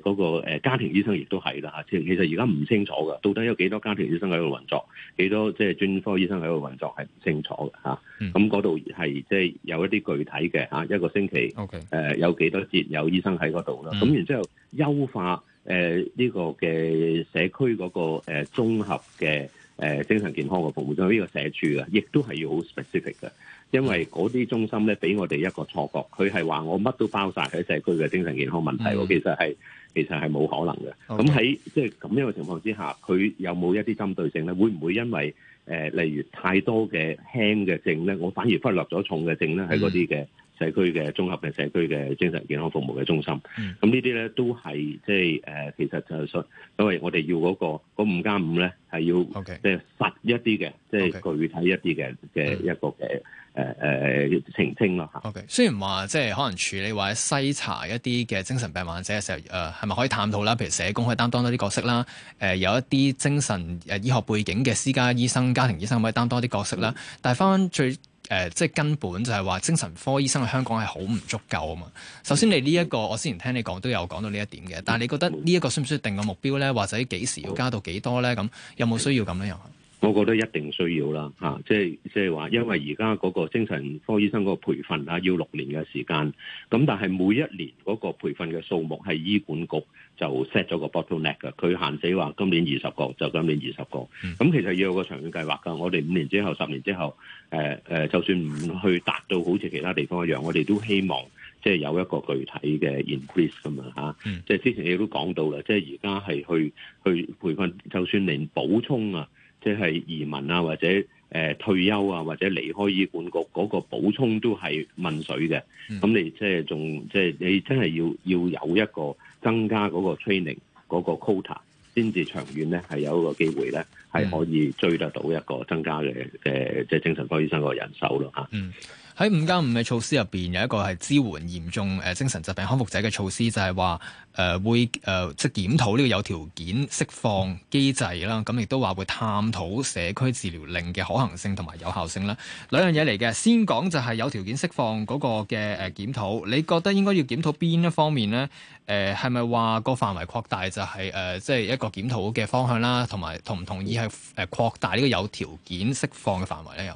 Speaker 3: 誒嗰個家庭醫生亦都係啦嚇。即係其實而家唔清楚㗎，到底有幾多家庭醫生喺度運作，幾多即係專科醫生喺度運作係唔清楚嘅嚇。咁嗰度係即係有一啲具體嘅一個星期 Okay.、呃、有幾多節有醫生喺嗰度啦。咁、嗯、然之後優化。誒呢、呃這個嘅社區嗰、嗰個誒、呃、綜合嘅誒、呃、精神健康嘅服務中，就喺呢個社處嘅，亦都係要好 specific 嘅，因為嗰啲中心咧俾我哋一個錯覺，佢係話我乜都包晒喺社區嘅精神健康問題，我、嗯、其實係其實係冇可能嘅。咁喺即係咁樣嘅情況之下，佢有冇一啲針對性咧？會唔會因為誒、呃、例如太多嘅輕嘅症咧，我反而忽略咗重嘅症咧喺嗰啲嘅？社區嘅綜合嘅社區嘅精神健康服務嘅中心，咁呢啲咧都係即係誒，其實就係、是、所以我哋要嗰、嗰個五加五咧係要即係實一啲嘅，即係 Okay. 具體一啲嘅嘅一個嘅誒誒澄清咯嚇。
Speaker 1: Okay. 雖然話即係可能處理或者篩查一啲嘅精神病患者嘅時候，誒係咪可以探討啦？譬如社工可以擔當多啲角色啦，誒、呃、有一啲精神誒、呃、醫學背景嘅私家醫生、家庭醫生可以擔當多啲角色啦，但係翻最。誒，即係根本就係話精神科醫生喺香港係好唔足夠啊嘛。首先，你呢一個我之前聽你講都有講到呢一點嘅，但係你覺得呢一個需唔需要定個目標咧，或者幾時要加到幾多咧？咁有冇需要咁樣？
Speaker 3: 我覺得一定需要啦，嚇、啊！即係即係話，因為而家嗰個精神科醫生嗰個培訓啊，要六年嘅時間，咁但係每一年嗰個培訓嘅數目係醫管局，就 set 咗個 bottleneck 嘅，佢限死話今年二十個，就今年二十個。咁其實要有個長遠計劃㗎。我哋五年之後、十年之後，誒、呃、誒、呃，就算唔去達到，好似其他地方一樣，我哋都希望即係有一個具體嘅 increase 㗎、啊、嘛嚇。嗯、即係之前你都講到啦，即係而家係去去培訓，就算連補充啊，即係移民啊，或者誒、呃、退休啊，或者離開醫管局嗰、那個補充都係問水嘅。咁、嗯、你即係仲即係你真係要要有一個。增加嗰個 training 嗰、那個 quota，先至長遠咧係有一個機會咧，係、mm. 可以追得到一個增加嘅誒，即、呃、係、就是、精神科醫生嗰個人手咯嗯。Mm.
Speaker 1: 喺五加五嘅措施入邊，有一個係支援嚴重誒精神疾病康復者嘅措施，就係話誒會誒即係檢討呢個有條件釋放機制啦。咁亦都話會探討社區治療令嘅可行性同埋有效性啦。兩樣嘢嚟嘅，先講就係有條件釋放嗰個嘅誒檢討。你覺得應該要檢討邊一方面咧？誒係咪話個範圍擴大就係誒即係一個檢討嘅方向啦？同埋同唔同意係誒擴大呢個有條件釋放嘅範圍咧？又？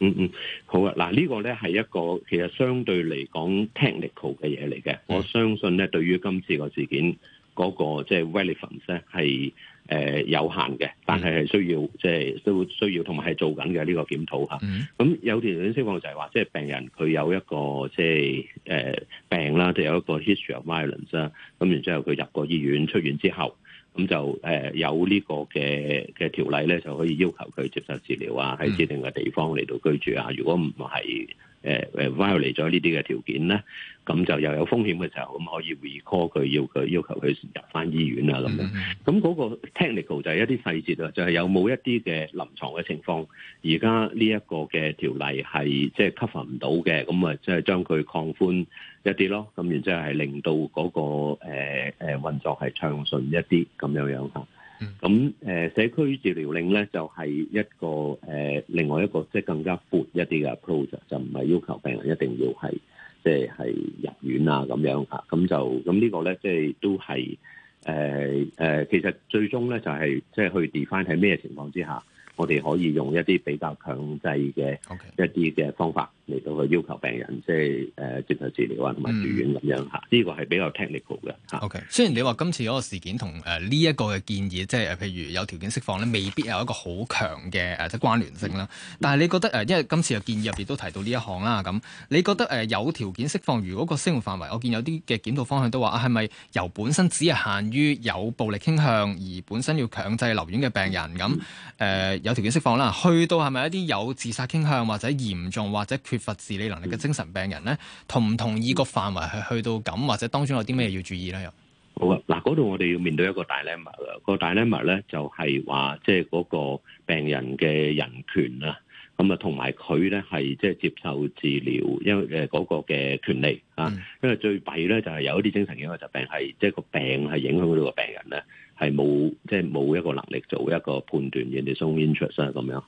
Speaker 3: 嗯嗯，好啊，嗱、這、呢個咧係一個其實相對嚟講 technical 嘅嘢嚟嘅，嗯、我相信咧對於今次個事件嗰、那個即係 relevance 咧係誒有限嘅，嗯、但係係需要即係、就是、都需要，同埋係做緊嘅呢個檢討吓。咁、嗯、有條信息講就係話，即、就、係、是、病人佢有一個即係誒病啦，就有一個 history of violence 啦，咁然之後佢入過醫院，出院之後。咁就誒有呢個嘅嘅條例呢，就可以要求佢接受治療啊，喺指定嘅地方嚟到居住啊。如果唔係，誒 v i o l e 咗呢啲嘅條件咧，咁就又有風險嘅時候，咁可以 recall 佢，要佢要求佢入翻醫院啊咁樣。咁嗰、mm hmm. 個 technical 就係一啲細節啊，就係、是、有冇一啲嘅臨床嘅情況，而家呢一個嘅條例係即係 cover 唔到嘅，咁啊即係將佢擴寬一啲咯，咁然之後係令到嗰、那個、呃、運作係暢順一啲咁樣樣。咁、嗯呃、社區治療令咧，就係、是、一個、呃、另外一個即、就是、更加闊一啲嘅 approach，就唔係要求病人一定要係即係入院啊咁樣啊，咁就咁呢個咧，即、就、係、是、都係、呃呃、其實最終咧就係即係去 define 喺咩情況之下。我哋可以用一啲比較強制嘅一啲嘅方法嚟到去要求病人，即係誒接受治療啊，同埋住院咁、嗯、樣嚇。呢個係比較 technical 嘅
Speaker 1: 嚇。OK，雖然你話今次嗰個事件同誒呢一個嘅建議，即係譬如有條件釋放咧，未必有一個好強嘅誒即係關聯性啦。嗯、但係你覺得誒，因為今次嘅建議入邊都提到呢一項啦咁，你覺得誒有條件釋放，如果個生活範圍，我見有啲嘅檢討方向都話啊，係咪由本身只係限於有暴力傾向而本身要強制留院嘅病人咁誒？有條件釋放啦，去到係咪一啲有自殺傾向或者嚴重或者缺乏自理能力嘅精神病人咧？同唔同意個範圍係去到咁，或者當中有啲咩要注意咧？又
Speaker 3: 好啊！嗱，嗰度我哋要面對一個大 dilemma 啦，個大 dilemma 咧就係話即係嗰個病人嘅人權啦，咁啊同埋佢咧係即係接受治療，因誒嗰個嘅權利啊，嗯、因為最弊咧就係有一啲精神健康疾病係即係個病係影響到個病人咧。係冇，即係冇一個能力做一個判斷，人哋 show interest 係咁樣，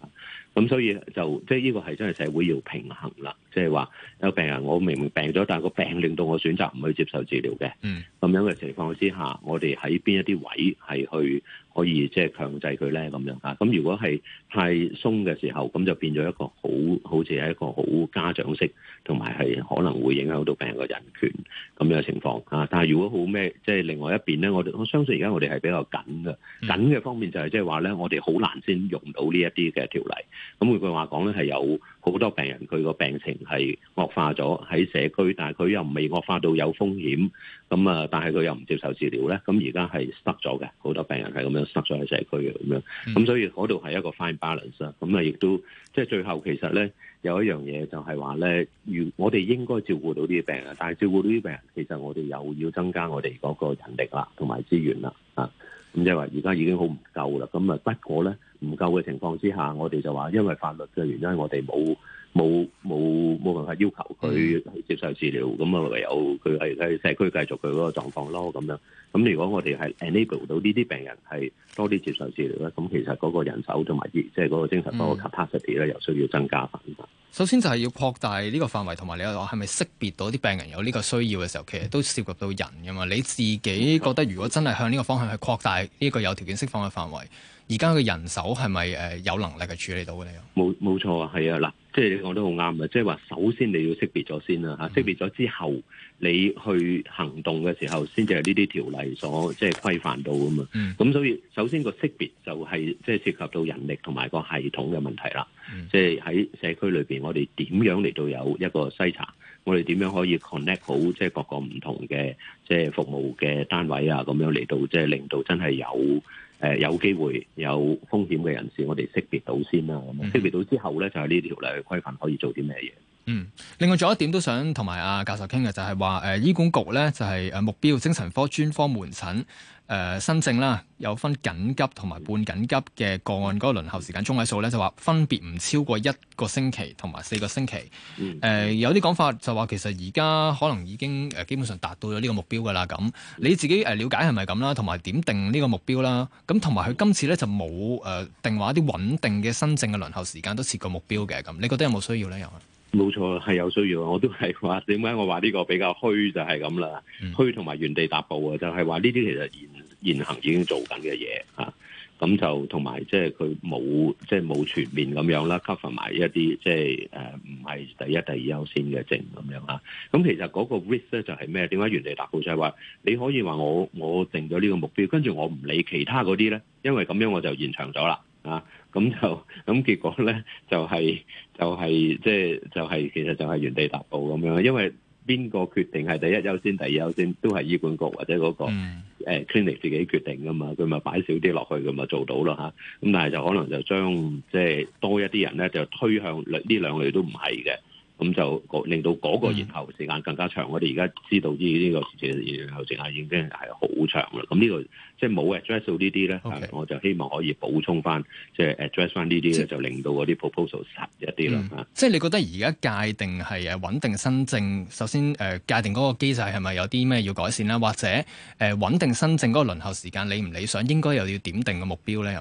Speaker 3: 咁所以就即係呢個係真係社會要平衡啦。即係話有病人，我明明病咗，但係個病令到我選擇唔去接受治療嘅。咁、嗯、樣嘅情況之下，我哋喺邊一啲位係去可以即係強制佢咧咁樣。咁如果係太鬆嘅時候，咁就變咗一個好好似係一個好家長式，同埋係可能會影響到病人嘅人權咁樣嘅情況。但係如果好咩，即係另外一邊咧，我哋我相信而家我哋係比較緊嘅。嗯、緊嘅方面就係即係話咧，我哋好難先用到呢一啲嘅條例。咁換句話講咧，係有好多病人佢個病情。係惡化咗喺社區，但係佢又唔未惡化到有風險，咁啊，但係佢又唔接受治療咧，咁而家係塞咗嘅，好多病人係咁樣塞咗喺社區嘅咁樣，咁所以嗰度係一個 fine balance 啊，咁啊，亦都即係最後其實咧有一樣嘢就係話咧，如我哋應該照顧到啲病人，但係照顧到啲病人，其實我哋又要增加我哋嗰個人力啦，同埋資源啦啊，咁即係話而家已經好唔夠啦，咁啊，不過咧唔夠嘅情況之下，我哋就話因為法律嘅原因，我哋冇。冇冇冇辦法要求佢去接受治療，咁啊、嗯、唯有佢喺喺社區繼續佢嗰個狀況咯。咁樣，咁如果我哋係 enable 到呢啲病人係多啲接受治療咧，咁其實嗰個人手同埋啲即係嗰個精神科 capacity 咧，又需要增加翻。嗯、
Speaker 1: 首先就係要擴大呢個範圍，同埋你話係咪識別到啲病人有呢個需要嘅時候，其實都涉及到人㗎嘛。你自己覺得如果真係向呢個方向去擴大呢個有條件釋放嘅範圍？而家嘅人手係咪誒有能力去處理到嘅咧？冇
Speaker 3: 冇錯啊，係啊。嗱，即係你講得好啱啊！即係話首先你要識別咗先啦嚇，嗯、識別咗之後你去行動嘅時候，先至係呢啲條例所即係規範到㗎嘛。咁、嗯、所以首先個識別就係、是、即係涉及到人力同埋個系統嘅問題啦。嗯、即係喺社區裏邊，我哋點樣嚟到有一個篩查？我哋點樣可以 connect 好即係各個唔同嘅即係服務嘅單位啊？咁樣嚟到即係令到真係有。誒、呃，有機會有風險嘅人士，我哋識別到先啦。嗯、識別到之後咧，就係、是、呢條例規範可以做啲咩嘢。嗯，
Speaker 1: 另外仲有一點都想同埋阿教授傾嘅就係、是、話，誒、呃、醫管局咧就係、是、誒目標精神科專科門診。誒、呃、新症啦，有分緊急同埋半緊急嘅個案嗰個輪候時間中位數咧，就話分別唔超過一個星期同埋四個星期。誒、嗯呃、有啲講法就話其實而家可能已經誒基本上達到咗呢個目標㗎啦。咁你自己誒瞭解係咪咁啦？同埋點定呢個目標啦？咁同埋佢今次咧就冇誒、呃、定話一啲穩定嘅新症嘅輪候時間都設個目標嘅咁，你覺得有冇需要咧？有冇？
Speaker 3: 冇錯，係有需要。我都係話點解我話呢個比較虛就係咁啦，嗯、虛同埋原地踏步啊，就係話呢啲其實現行已經做緊嘅嘢啊，咁就同埋即係佢冇即係冇全面咁樣啦，cover 埋一啲即係唔係第一、第二優先嘅症咁樣啊。咁其實嗰個 risk 咧就係咩？點解原地踏步就係話你可以話我我定咗呢個目標，跟住我唔理其他嗰啲咧，因為咁樣我就延長咗啦啊。咁就咁結果咧就係就係即係就係其實就係原地踏步咁樣，因為。邊個決定係第一優先、第二優先，都係醫管局或者嗰、那個、mm. 呃、clinic 自己決定㗎嘛？佢咪擺少啲落去，佢咪做到啦嚇。咁、啊、但係就可能就將即係多一啲人咧，就推向呢兩類都唔係嘅。咁就令到嗰個延後時間更加長。嗯、我哋而家知道呢呢個事情延後時間已經係好長啦。咁、這個、呢個即係冇 address 到呢啲咧，okay, 我就希望可以補充翻，即係 address 翻呢啲咧，就令到嗰啲 proposal 實一啲啦。嗯啊、
Speaker 1: 即係你覺得而家界定係誒穩定新症，首先誒、呃、界定嗰個機制係咪有啲咩要改善啦、啊？或者誒、呃、穩定新症嗰個輪候時間理唔理想，應該又要點定個目標咧？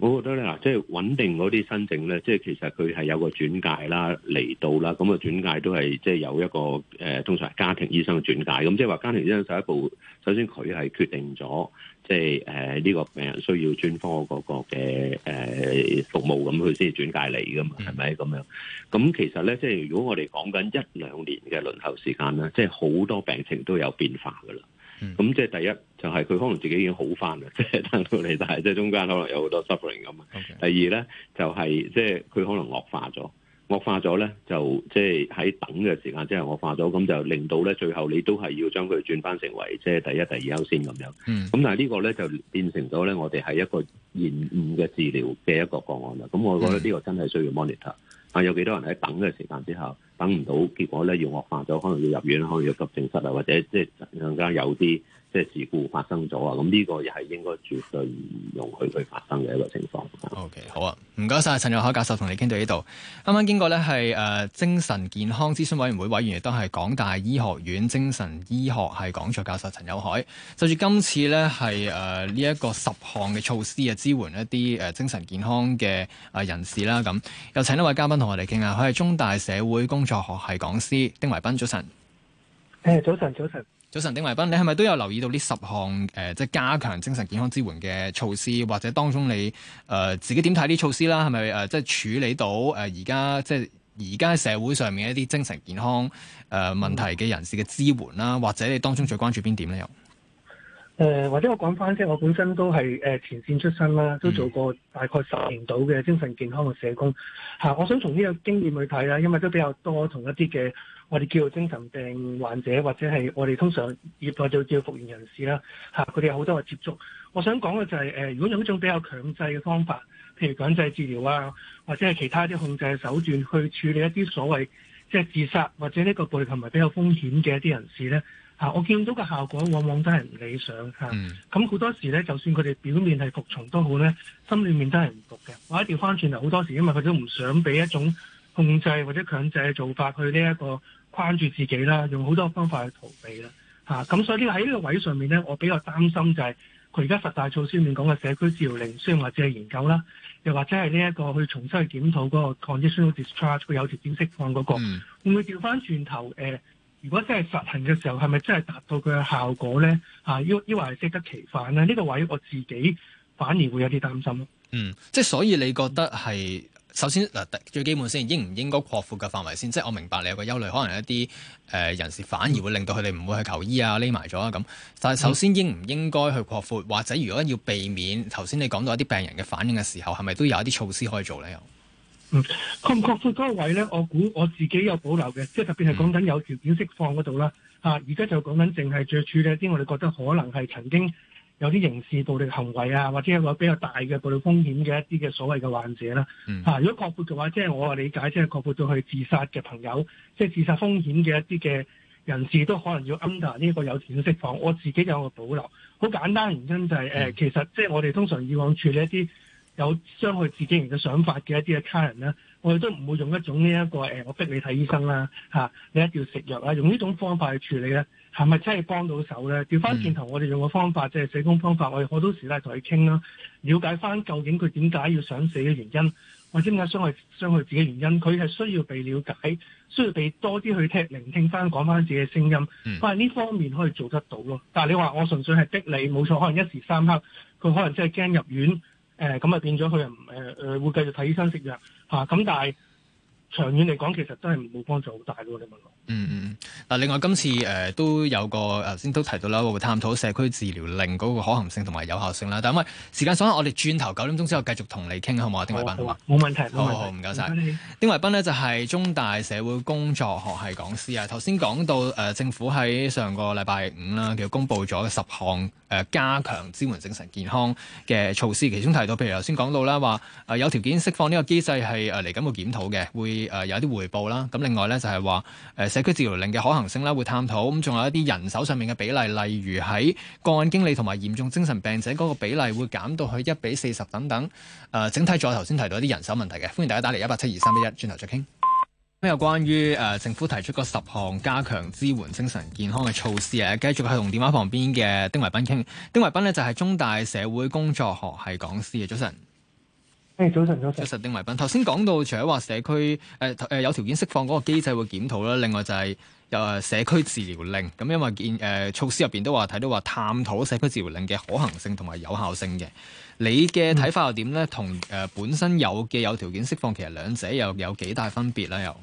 Speaker 3: 我覺得咧，嗱，即係穩定嗰啲新症咧，即係其實佢係有個轉介啦，嚟到啦，咁、那、啊、個、轉介都係即係有一個誒，通常係家庭醫生嘅轉介，咁即係話家庭醫生第一步，首先佢係決定咗，即係誒呢個病人需要專科嗰個嘅誒、呃、服務，咁佢先轉介你噶嘛，係咪咁樣？咁其實咧，即係如果我哋講緊一兩年嘅輪候時間啦，即係好多病情都有變化噶啦。咁、嗯、即係第一就係、是、佢可能自己已經好翻啦，即係等到你但係即係中間可能有好多 suffering 咁 Okay. 第二咧就係、是、即係佢可能惡化咗，惡化咗咧就即係喺等嘅時間之後、就是、惡化咗，咁就令到咧最後你都係要將佢轉翻成為即係第一、第二優先咁樣。咁、嗯、但係呢個咧就變成咗咧，我哋係一個延誤嘅治療嘅一個個案啦。咁我覺得呢個真係需要 monitor、嗯。啊，有幾多人喺等嘅時間之後？等唔到結果咧，要惡化咗，可能要入院，可能要急症室啊，或者即係更加有啲即係事故發生咗啊！咁呢個又係應該絕對唔容許佢發生嘅一個情況。OK，好
Speaker 1: 啊，唔該晒。陳友凱教授同你傾到呢度。啱啱經過呢係、呃、精神健康諮詢委員會委員，亦都係港大醫學院精神醫學系講座教授陳友凱，就住今次呢係呢一個十項嘅措施啊，支援一啲、呃、精神健康嘅人士啦。咁又請一位嘉賓同我哋傾下，佢係中大社會工在學系講師丁惟彬，早晨。
Speaker 4: 誒，早晨，早
Speaker 1: 晨，早晨，丁惟彬，你係咪都有留意到呢十項誒、呃，即係加強精神健康支援嘅措施，或者當中你誒、呃、自己點睇啲措施啦？係咪誒即係處理到誒而家即係而家社會上面一啲精神健康誒、呃、問題嘅人士嘅支援啦？或者你當中最關注邊點咧？
Speaker 4: 誒、呃、或者我講翻先，即我本身都係、呃、前線出身啦，都做過大概十年到嘅精神健康嘅社工、啊、我想從呢個經驗去睇啦，因為都比較多同一啲嘅我哋叫精神病患者，或者係我哋通常業內就叫復原人士啦嚇。佢哋有好多嘅接觸，我想講嘅就係、是呃、如果有一種比較強制嘅方法，譬如強制治療啊，或者係其他啲控制手段去處理一啲所謂，即係自殺或者呢個暴力行為係比較風險嘅一啲人士呢，嚇，我見到嘅效果往往都係唔理想嚇。咁好、mm. 多時呢，就算佢哋表面係服從都好呢，心裏面都係唔服嘅。或者掉翻轉頭，好多時因為佢都唔想俾一種控制或者強制嘅做法去呢一個框住自己啦，用好多方法去逃避啦嚇。咁所以呢喺呢個位上面呢，我比較擔心就係佢而家十大措施入面講嘅社區治療令，雖然話只係研究啦。又或者係呢一個去重新去檢討嗰個 Conditional discharge 佢有條件釋放嗰個，嗯、會唔會調翻轉頭？誒，如果真係實行嘅時候，係咪真係達到佢嘅效果咧？嚇、啊，要抑或係適得其反咧？呢、呢個位
Speaker 1: 我自己反而會有啲擔心咯。嗯，即係所以你覺得係。首先嗱，最基本先，應唔應該擴闊嘅範圍先？即係我明白你有個憂慮，可能一啲誒、呃、人士反而會令到佢哋唔會去求醫啊，匿埋咗啊咁。但係首先應唔應該去擴闊，或者如果要避免頭先你講到一啲病人嘅反應嘅時候，係咪都有一啲措施可以做呢？又
Speaker 4: 嗯，擴唔擴闊嗰個位呢，我估我自己有保留嘅，即係特別係講緊有條件釋放嗰度啦。啊，而家就講緊淨係着處理一啲我哋覺得可能係曾經。有啲刑事暴力行為啊，或者一個比較大嘅暴力風險嘅一啲嘅所謂嘅患者啦，嗯、如果擴闊嘅話，即係我嘅理解，即係擴闊到去自殺嘅朋友，即係自殺風險嘅一啲嘅人士都可能要 under 呢個有條件釋放。我自己有個保留，好簡單原因就係嗯、其實即係我哋通常以往處理一啲有傷害自己人嘅想法嘅一啲嘅他人咧。我哋都唔會用一種呢、這、一個誒、呃，我逼你睇醫生啦、啊，嚇、啊、你一定要食藥啦、啊，用呢種方法去處理咧、啊，係咪真係幫到手咧？調翻轉頭，我哋用個方法即係社工方法，我哋好多時都係同佢傾啦，了解翻究竟佢點解要想死嘅原因，或者點解傷害傷害自己原因，佢係需要被了解，需要被多啲去聽聆聽翻講翻自己嘅聲音，反能呢方面可以做得到咯。但係你話我純粹係逼你，冇錯，可能一時三刻佢可能真係驚入院。誒，咁啊、呃、變咗佢啊誒誒會繼續睇醫生食藥吓？咁、啊，但係。
Speaker 1: 長遠嚟講，其實真係冇幫助好大咯，你問我。嗯嗯嗱，另外今次誒、呃、都有個誒，頭先都提到啦，會探討社區治療令嗰個可行性同埋有效性啦。但係時間所限，我哋轉頭九點鐘之後繼續同你傾，好唔、哦、好啊嗎？丁惟彬。好冇問題，好、哦、好，唔該晒，謝謝丁惟彬呢就係、是、中大社會工作學系講師啊。頭先講到誒、呃、政府喺上個禮拜五啦，叫公布咗十項誒、呃、加強支援精神健康嘅措施，其中提到，譬如頭先講到啦，話誒、呃、有條件釋放呢個機制係誒嚟緊會檢討嘅，會。誒、呃，有啲回報啦。咁另外咧，就係話誒，社區治療令嘅可行性啦，會探討。咁仲有一啲人手上面嘅比例，例如喺個案經理同埋嚴重精神病者嗰個比例，會減到去一比四十等等。誒、呃，整體再頭先提到啲人手問題嘅，歡迎大家打嚟一八七二三一一，轉頭再傾。咁有關於誒、呃、政府提出個十項加強支援精神健康嘅措施啊，繼續去同電話旁邊嘅丁維斌傾。丁維斌呢，就係中大社會工作學系講師啊，早晨。Hey，早晨，早晨、呃呃。有實定為品。頭先講到，除咗話社區誒誒有條件釋放嗰個機制會檢討啦，另外就係有社區治療令。咁因為見誒、呃、措施入邊都話睇到話探討社區治療令嘅可行性同埋有效性嘅。你嘅睇法又點咧？同誒、嗯、本身有嘅有條件釋放，其實兩者又有，有幾大分別咧？又
Speaker 4: 誒、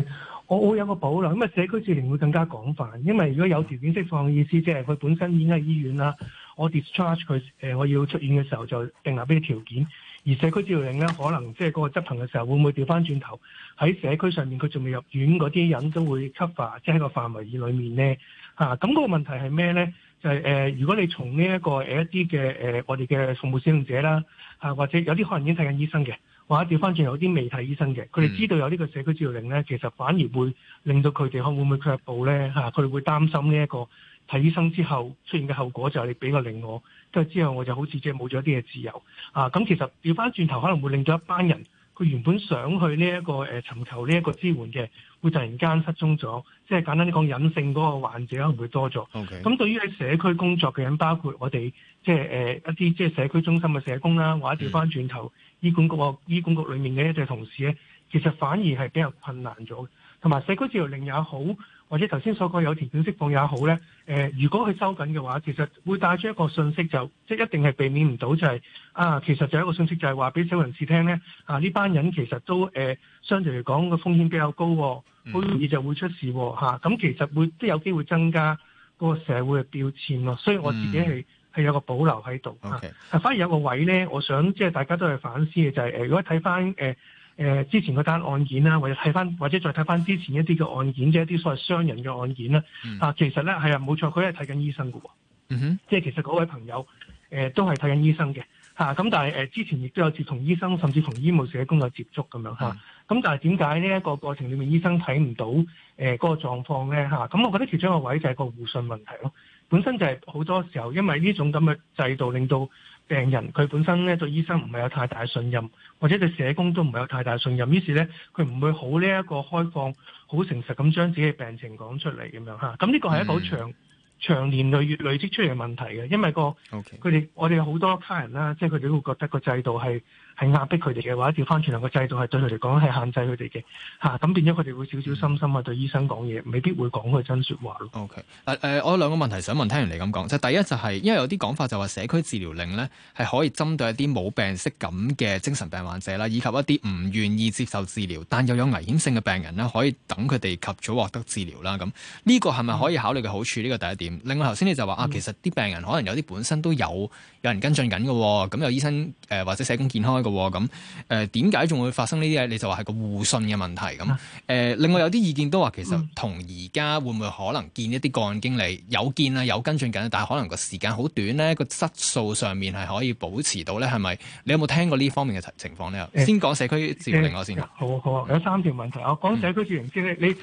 Speaker 4: 呃，我我有個保留。咁啊，社區治療令會更加廣泛，因為如果有條件釋放嘅意思，即係佢本身已經係醫院啦。我 discharge 佢誒、呃，我要出院嘅時候就定立呢啲條件。而社區治療令咧，可能即係嗰個執行嘅時候，會唔會掉翻轉頭喺社區上面，佢仲未入院嗰啲人都會 cover，即係個範圍內裏面呢。嚇、啊。咁、那、嗰個問題係咩呢？就係、是呃、如果你從呢一個一啲嘅、呃、我哋嘅服務使用者啦、啊、或者有啲可能已經睇緊醫生嘅，或者調翻轉有啲未睇醫生嘅，佢哋知道有呢個社區治療令呢，其實反而會令到佢哋可能會唔會卻步呢。佢、啊、佢哋會擔心呢一個睇醫生之後出現嘅後果就係你俾個令我。之後，我就好似即係冇咗一啲嘅自由啊！咁其實調翻轉頭，可能會令到一班人佢原本想去呢、這、一個誒尋、呃、求呢一個支援嘅，會突然間失蹤咗。即係簡單啲講，隱性嗰個患者可能會多咗。咁 Okay. 對於喺社區工作嘅人，包括我哋即係誒、呃、一啲即係社區中心嘅社工啦，或者調翻轉頭醫管局個、醫管局裏面嘅一隊同事咧，其實反而係比較困難咗。同埋社區治療令也好。或者頭先所講有條件釋放也好呢。誒、呃，如果佢收緊嘅話，其實會帶出一個訊息就，就即一定係避免唔到、就是，就係啊，其實就一個訊息，就係話俾社會人士聽呢。啊，呢班人其實都誒、呃，相對嚟講個風險比較高、哦，好容易就會出事喎、哦，咁、啊、其實會都有機會增加個、那個社會嘅標籤咯，所以我自己係係、嗯、有個保留喺度啊，okay. 反而有個位呢。我想即係大家都係反思嘅，就係、是呃、如果睇翻誒。呃誒、呃、之前嗰單案件啦，或者睇返，或者再睇返之前一啲嘅案件，即係一啲所謂傷人嘅案件啦。嗯、啊，其實咧係啊冇錯，佢係睇緊醫生嘅喎。嗯哼，即係其實嗰位朋友、呃、都係睇緊醫生嘅咁、啊、但係、呃、之前亦都有接同醫生，甚至同醫務社工嘅工作接觸咁樣，咁但係點解呢一、個過程裏面醫生睇唔到嗰、呃嗰個狀況咧咁、啊、我覺得其中一個位就係個互信問題咯。本身就係好多時候，因為呢種咁嘅制度令到。病人佢本身咧對醫生唔係有太大信任，或者對社工都唔係有太大信任，於是咧佢唔會好呢一個開放、好誠實咁將自己嘅病情講出嚟咁樣嚇。咁呢個係一個長、嗯、長年累月累積出嚟嘅問題嘅，因為、個佢哋 Okay. 我哋有好多家人啦，即係佢哋都會覺得個制度係。係壓迫佢哋嘅話，調翻轉嚟個制度係對佢哋講係限制佢哋嘅嚇，咁、啊、變咗佢哋會少少心心啊，對醫生講嘢，未必會講佢真
Speaker 1: 説話咯。O K，嗱誒，我有兩個問題想問。聽完你咁講，就第一就係、是，因為有啲講法就話社區治療令咧係可以針對一啲冇病識咁嘅精神病患者啦，以及一啲唔願意接受治療但又有危險性嘅病人啦，可以等佢哋及早獲得治療啦。咁呢個係咪可以考慮嘅好處？呢、這個第一點。另外頭先你就話啊，其實啲病人可能有啲本身都有有人跟進緊嘅喎，咁有醫生誒、呃、或者社工健康的。咁誒點解仲會發生呢啲嘢？你就話係個互信嘅問題咁、啊啊啊、另外有啲意見都話，其實同而家會唔會可能見一啲案經理、嗯、有見呀，有跟進緊但係可能個時間好短咧，個質素上面係可以保持到咧，係咪？你有冇聽過呢方面嘅情況咧？欸、先講社區治療令我先、欸。好，好，
Speaker 4: 嗯、有三條問題我講社區治療令先。嗯、你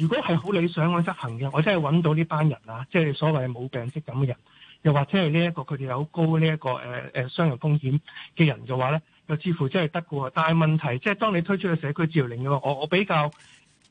Speaker 4: 如果係好理想我執行嘅，我真係揾到呢班人啊，即係所謂冇病質咁嘅人，又或者係呢一個佢哋有高呢、這、一個、呃、商業風險嘅人嘅話咧。又似乎真係得嘅喎，但係問題即係當你推出去社區治療令嘅話，我我比較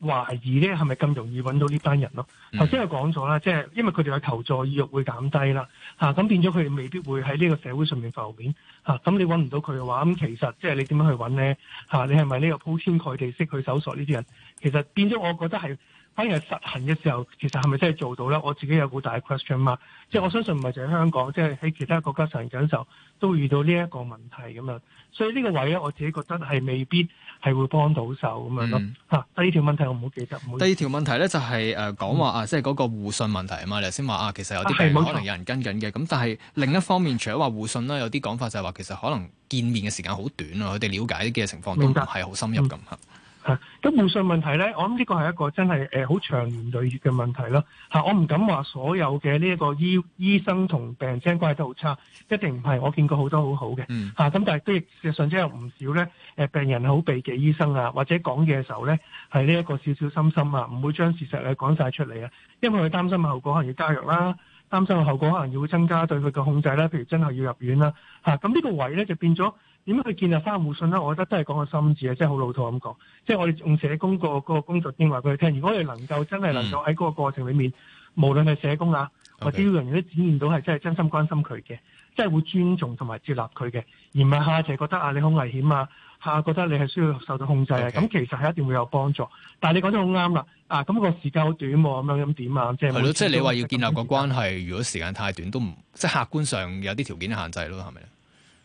Speaker 4: 懷疑咧係咪咁容易揾到呢班人咯。頭先又講咗啦，即係因為佢哋嘅求助意欲會減低啦，咁、啊、變咗佢哋未必會喺呢個社會上面浮面咁、啊、你揾唔到佢嘅話，咁其實即係你點樣去揾咧、啊、你係咪呢個鋪天蓋地式去搜索呢啲人？其實變咗，我覺得係。反而實行嘅時候，其實係咪真係做到咧？我自己有好大 question 嘛。即係我相信唔係淨係香港，即係喺其他國家實行緊時候，都會遇到呢一個問題咁樣。所以呢個位咧，我自己覺得係未必係會幫到手咁樣咯。嚇、嗯，啊、第二條問題我唔好記得。第二
Speaker 1: 條問題咧就係誒講話啊，即係嗰個互信問題啊嘛。你頭先話啊，其實有啲嘢可能有人跟緊嘅。咁、啊、但係另一方面，除咗話互信啦，有啲講法就係話其實可能見面嘅時間好短啊，佢哋了解嘅情況都唔係好深入咁嚇。白
Speaker 4: 咁、啊、互信問題呢，我諗呢個係一個真係誒好長年累月嘅問題啦、啊、我唔敢話所有嘅呢一個醫，醫生同病人關係都好差，一定唔係。我見過好多好好嘅。嗯、啊。咁但係都亦事實上真係有唔少呢病人好避忌醫生啊，或者講嘢嘅時候呢係呢一個少小，小心心啊，唔會將事實啊講晒出嚟啊，因為佢擔心嘅後果可能要加藥啦，擔心嘅後果可能要增加對佢嘅控制啦，譬如真係要入院啦。咁、啊、呢個位呢就變咗。點樣去建立返互信咧？我覺得真係講個心字啊，真係好老土咁講。即係我哋用社工個嗰工作經話畀佢哋聽。如果你能夠真係能夠喺嗰個過程裡面，嗯、無論係社工啊 Okay. 或者僱人員都展現到係真係真心關心佢嘅，真係會尊重同埋接納佢嘅，而唔係下就覺得啊你好危險啊，下覺得你係需要受到控制啊。咁 Okay. 其實係一定會有幫助。但係你講得好啱啦，啊咁、嗰個時間好短喎，咁樣咁點
Speaker 1: 啊？即係係咯，即係你話要建立個關係，如果時間太短都唔即係客觀上有啲條件限制咯，係咪？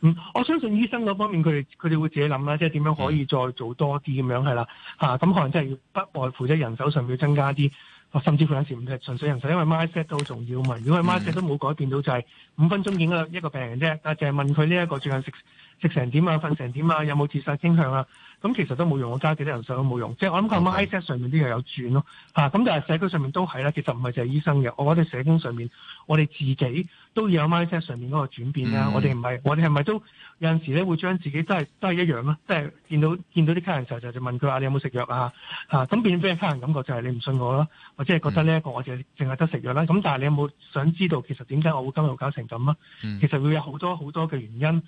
Speaker 4: 嗯，我相信醫生嗰方面佢哋佢哋會自己諗啦，即係點樣可以再做多啲咁樣係啦，咁、啊嗯、可能真係要不外乎即係人手上要增加啲，啊，甚至乎有時唔係純粹人手，因為 mindset 都好重要嘛。如果係 mindset 都冇改變到，就係、是、五分鐘影一一個病人啫，但係就係問佢呢一個最近食食成點啊，瞓成點啊，有冇自殺傾向啊？咁其實都冇用，我加幾多人都上, Okay. 上都冇用，即係我諗佢阿媽 i c 上面啲又有轉咯，咁但係社區上面都係啦，其實唔係淨係醫生嘅，我覺得社工上面我哋自己都要有 i c 上面嗰個轉變啦、mm hmm.，我哋唔係，我哋係咪都有陣時咧會將自己都係都係一樣啦，即係見到見到啲客人時候就問佢啊，你有冇食藥啊？咁變咗俾人客人感覺就係你唔信我咯，或者係覺得呢一個我淨係淨係得食藥啦。咁但係你有冇想知道其實點解我會今日搞成咁啊？Mm hmm. 其實會有好多好多嘅原因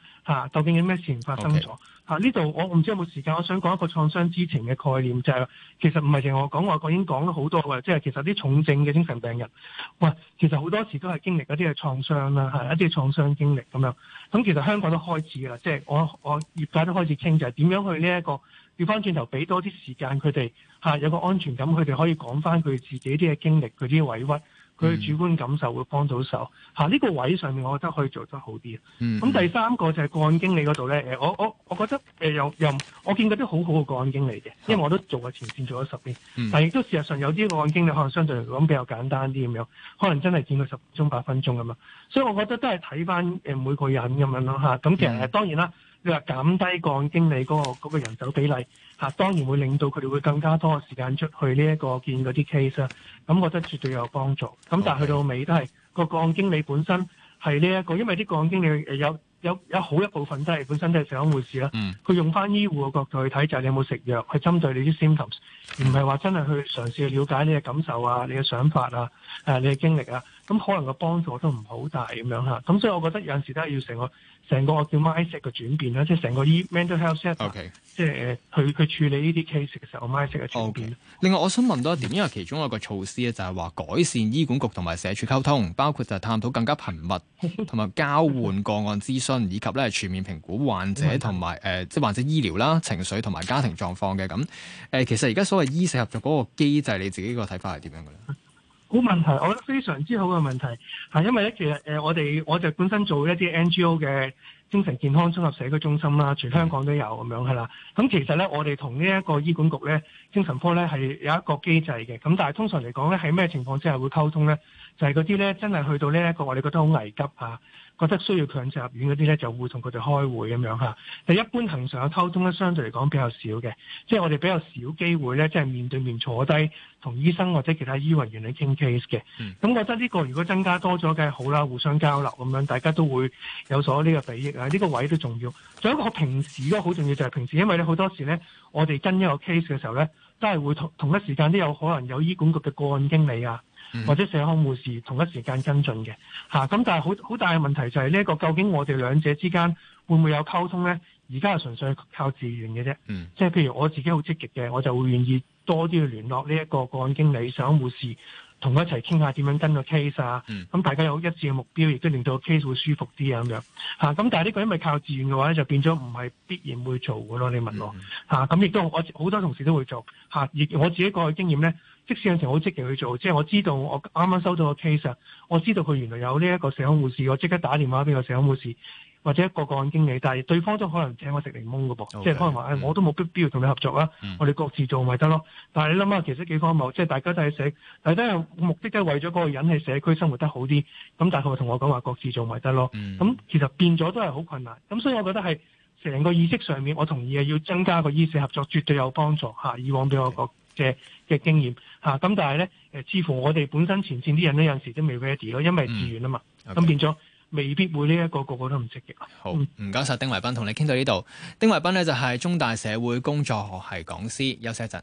Speaker 4: 究竟、啊、有咩事情發生咗？Okay. 啊！呢度我唔知有冇時間，我想講一個創傷知情嘅概念，就係、是、其實唔係淨我我講，我已經講咗好多嘅，即、啊、係其實啲重症嘅精神病人，哇！其實好多時都係經歷一啲嘅創傷啦、啊，一啲嘅創傷經歷咁樣。咁、啊、其實香港都開始啦，即、就、係、是、我我業界都開始傾，就係、是、點樣去呢、這、一個掉翻轉頭，俾多啲時間佢哋、啊、有個安全感，佢哋可以講翻佢自己啲嘅經歷，佢啲委屈。佢嘅主觀感受會幫到手嚇，呢、啊這個位上面我覺得可以做得好啲。嗯，咁第三個就係個案經理嗰度咧，誒、呃，我我我覺得誒、呃、又又，我見過啲好好嘅個案經理嘅，因為我都做過前線做咗十年，但亦都事實上有啲個案經理可能相對嚟講比較簡單啲咁樣，可能真係見佢十鐘八分鐘咁啊，所以我覺得都係睇返誒每個人咁樣咯嚇，咁、啊、其實係、嗯呃、當然啦。你話減低個案經理嗰個人手比例嚇，當然會令到佢哋會更加多嘅時間出去呢一個見嗰啲 case 啦。咁覺得絕對有幫助。咁 Okay. 但係去到尾都係個個案經理本身係呢一個，因為啲個案經理有有有好一部分都係本身都係想護士啦。佢、mm. 用返醫護嘅角度去睇，就係、是、你有冇食藥，去針對你啲 symptoms，而唔係話真係去嘗試去了解你嘅感受啊、你嘅想法啊、誒、啊、你嘅經歷啊，咁可能個幫助都唔好大咁樣嚇。咁所以我覺得有陣時都係要成個。成個我叫 mindset 嘅轉變啦，即係成個醫 mental health sector 即係佢佢處理呢啲 case 嘅時候，我 mindset 嘅轉
Speaker 1: 變。Okay. 另外，我想問多一點，因為什麼其中一個措施咧就係、是、話改善醫管局同埋社署溝通，包括就係探討更加頻密同埋 *laughs* 交換個案諮詢，以及咧全面評估患者同埋誒即係患者醫療啦、情緒同埋家庭狀況嘅咁。誒、呃，其實而家所謂醫社合作嗰個機制，你自己個睇法係點樣嘅咧？ *laughs* 好
Speaker 4: 問題，我覺得非常之好嘅問題，係因為咧，其實誒，我哋我就本身做一啲 NGO 嘅精神健康綜合社區中心啦，全香港都有咁樣係啦。咁其實咧，我哋同呢一個醫管局咧精神科咧係有一個機制嘅。咁但係通常嚟講咧，喺咩情況之下會溝通咧？就係嗰啲咧真係去到呢一個我哋覺得好危急嚇。覺得需要強制入院嗰啲呢，就會同佢哋開會咁樣嚇。但一般平常嘅溝通呢，相對嚟講比較少嘅，即係我哋比較少機會呢，即係面對面坐低同醫生或者其他醫護人員嚟傾 case 嘅。咁、嗯、覺得呢個如果增加多咗嘅，係好啦，互相交流咁樣，大家都會有所呢個裨益啊。呢、這個位都重要。仲有一個平時都好重要，就係、是、平時，因為呢好多時呢，我哋跟一個 case 嘅時候呢，都係會同同一時間都有可能有醫管局嘅個案經理啊。或者社康護士同一時間跟進嘅，吓咁但係好好大嘅問題就係呢一個究竟，我哋兩者之間會唔會有溝通咧？而家係純粹靠自願嘅啫，即係、嗯、譬如我自己好積極嘅，我就會願意多啲去聯絡呢一個個案經理、社康護士，同佢一齊傾下點樣跟個 case 啊，咁、嗯、大家有一致嘅目標，亦都令到 case 會舒服啲啊咁樣，吓咁但係呢個因為靠自願嘅話咧，就變咗唔係必然會做嘅咯。你問我，吓咁亦都我好多同事都會做，吓而我自己個經驗咧，即使有時候我好積極去做，即係我知道我啱啱收到個 case 啊，我知道佢原來有呢一個社康護士，我即刻打電話俾個社康護士或者一個個案經理，但係對方都可能請我食檸檬嘅噃，okay，即係可能話誒、嗯哎，我都冇必必要同你合作啊，嗯、我哋各自做咪得咯。但係你諗下，其實幾荒謬，即係大家都係食，大家都目的都係為咗嗰個人喺社區生活得好啲。咁但係佢咪同我講話各自做咪得咯。咁、嗯、其實變咗都係好困難。咁所以我覺得係成個意識上面，我同意啊，要增加個醫社合作，絕對有幫助嚇。以往俾我講。Okay. 嘅嘅經驗嚇，咁但係咧誒，似乎我哋本身
Speaker 1: 前線啲人都有陣時都未 ready 咯，因為係自願啊嘛，咁、嗯 okay, 變咗未必會呢、這、一個個個都咁積極。嗯、好，唔該晒，丁惟彬，同你傾到呢度。丁惟彬咧就係、是、中大社會工作學系講師，休息一陣。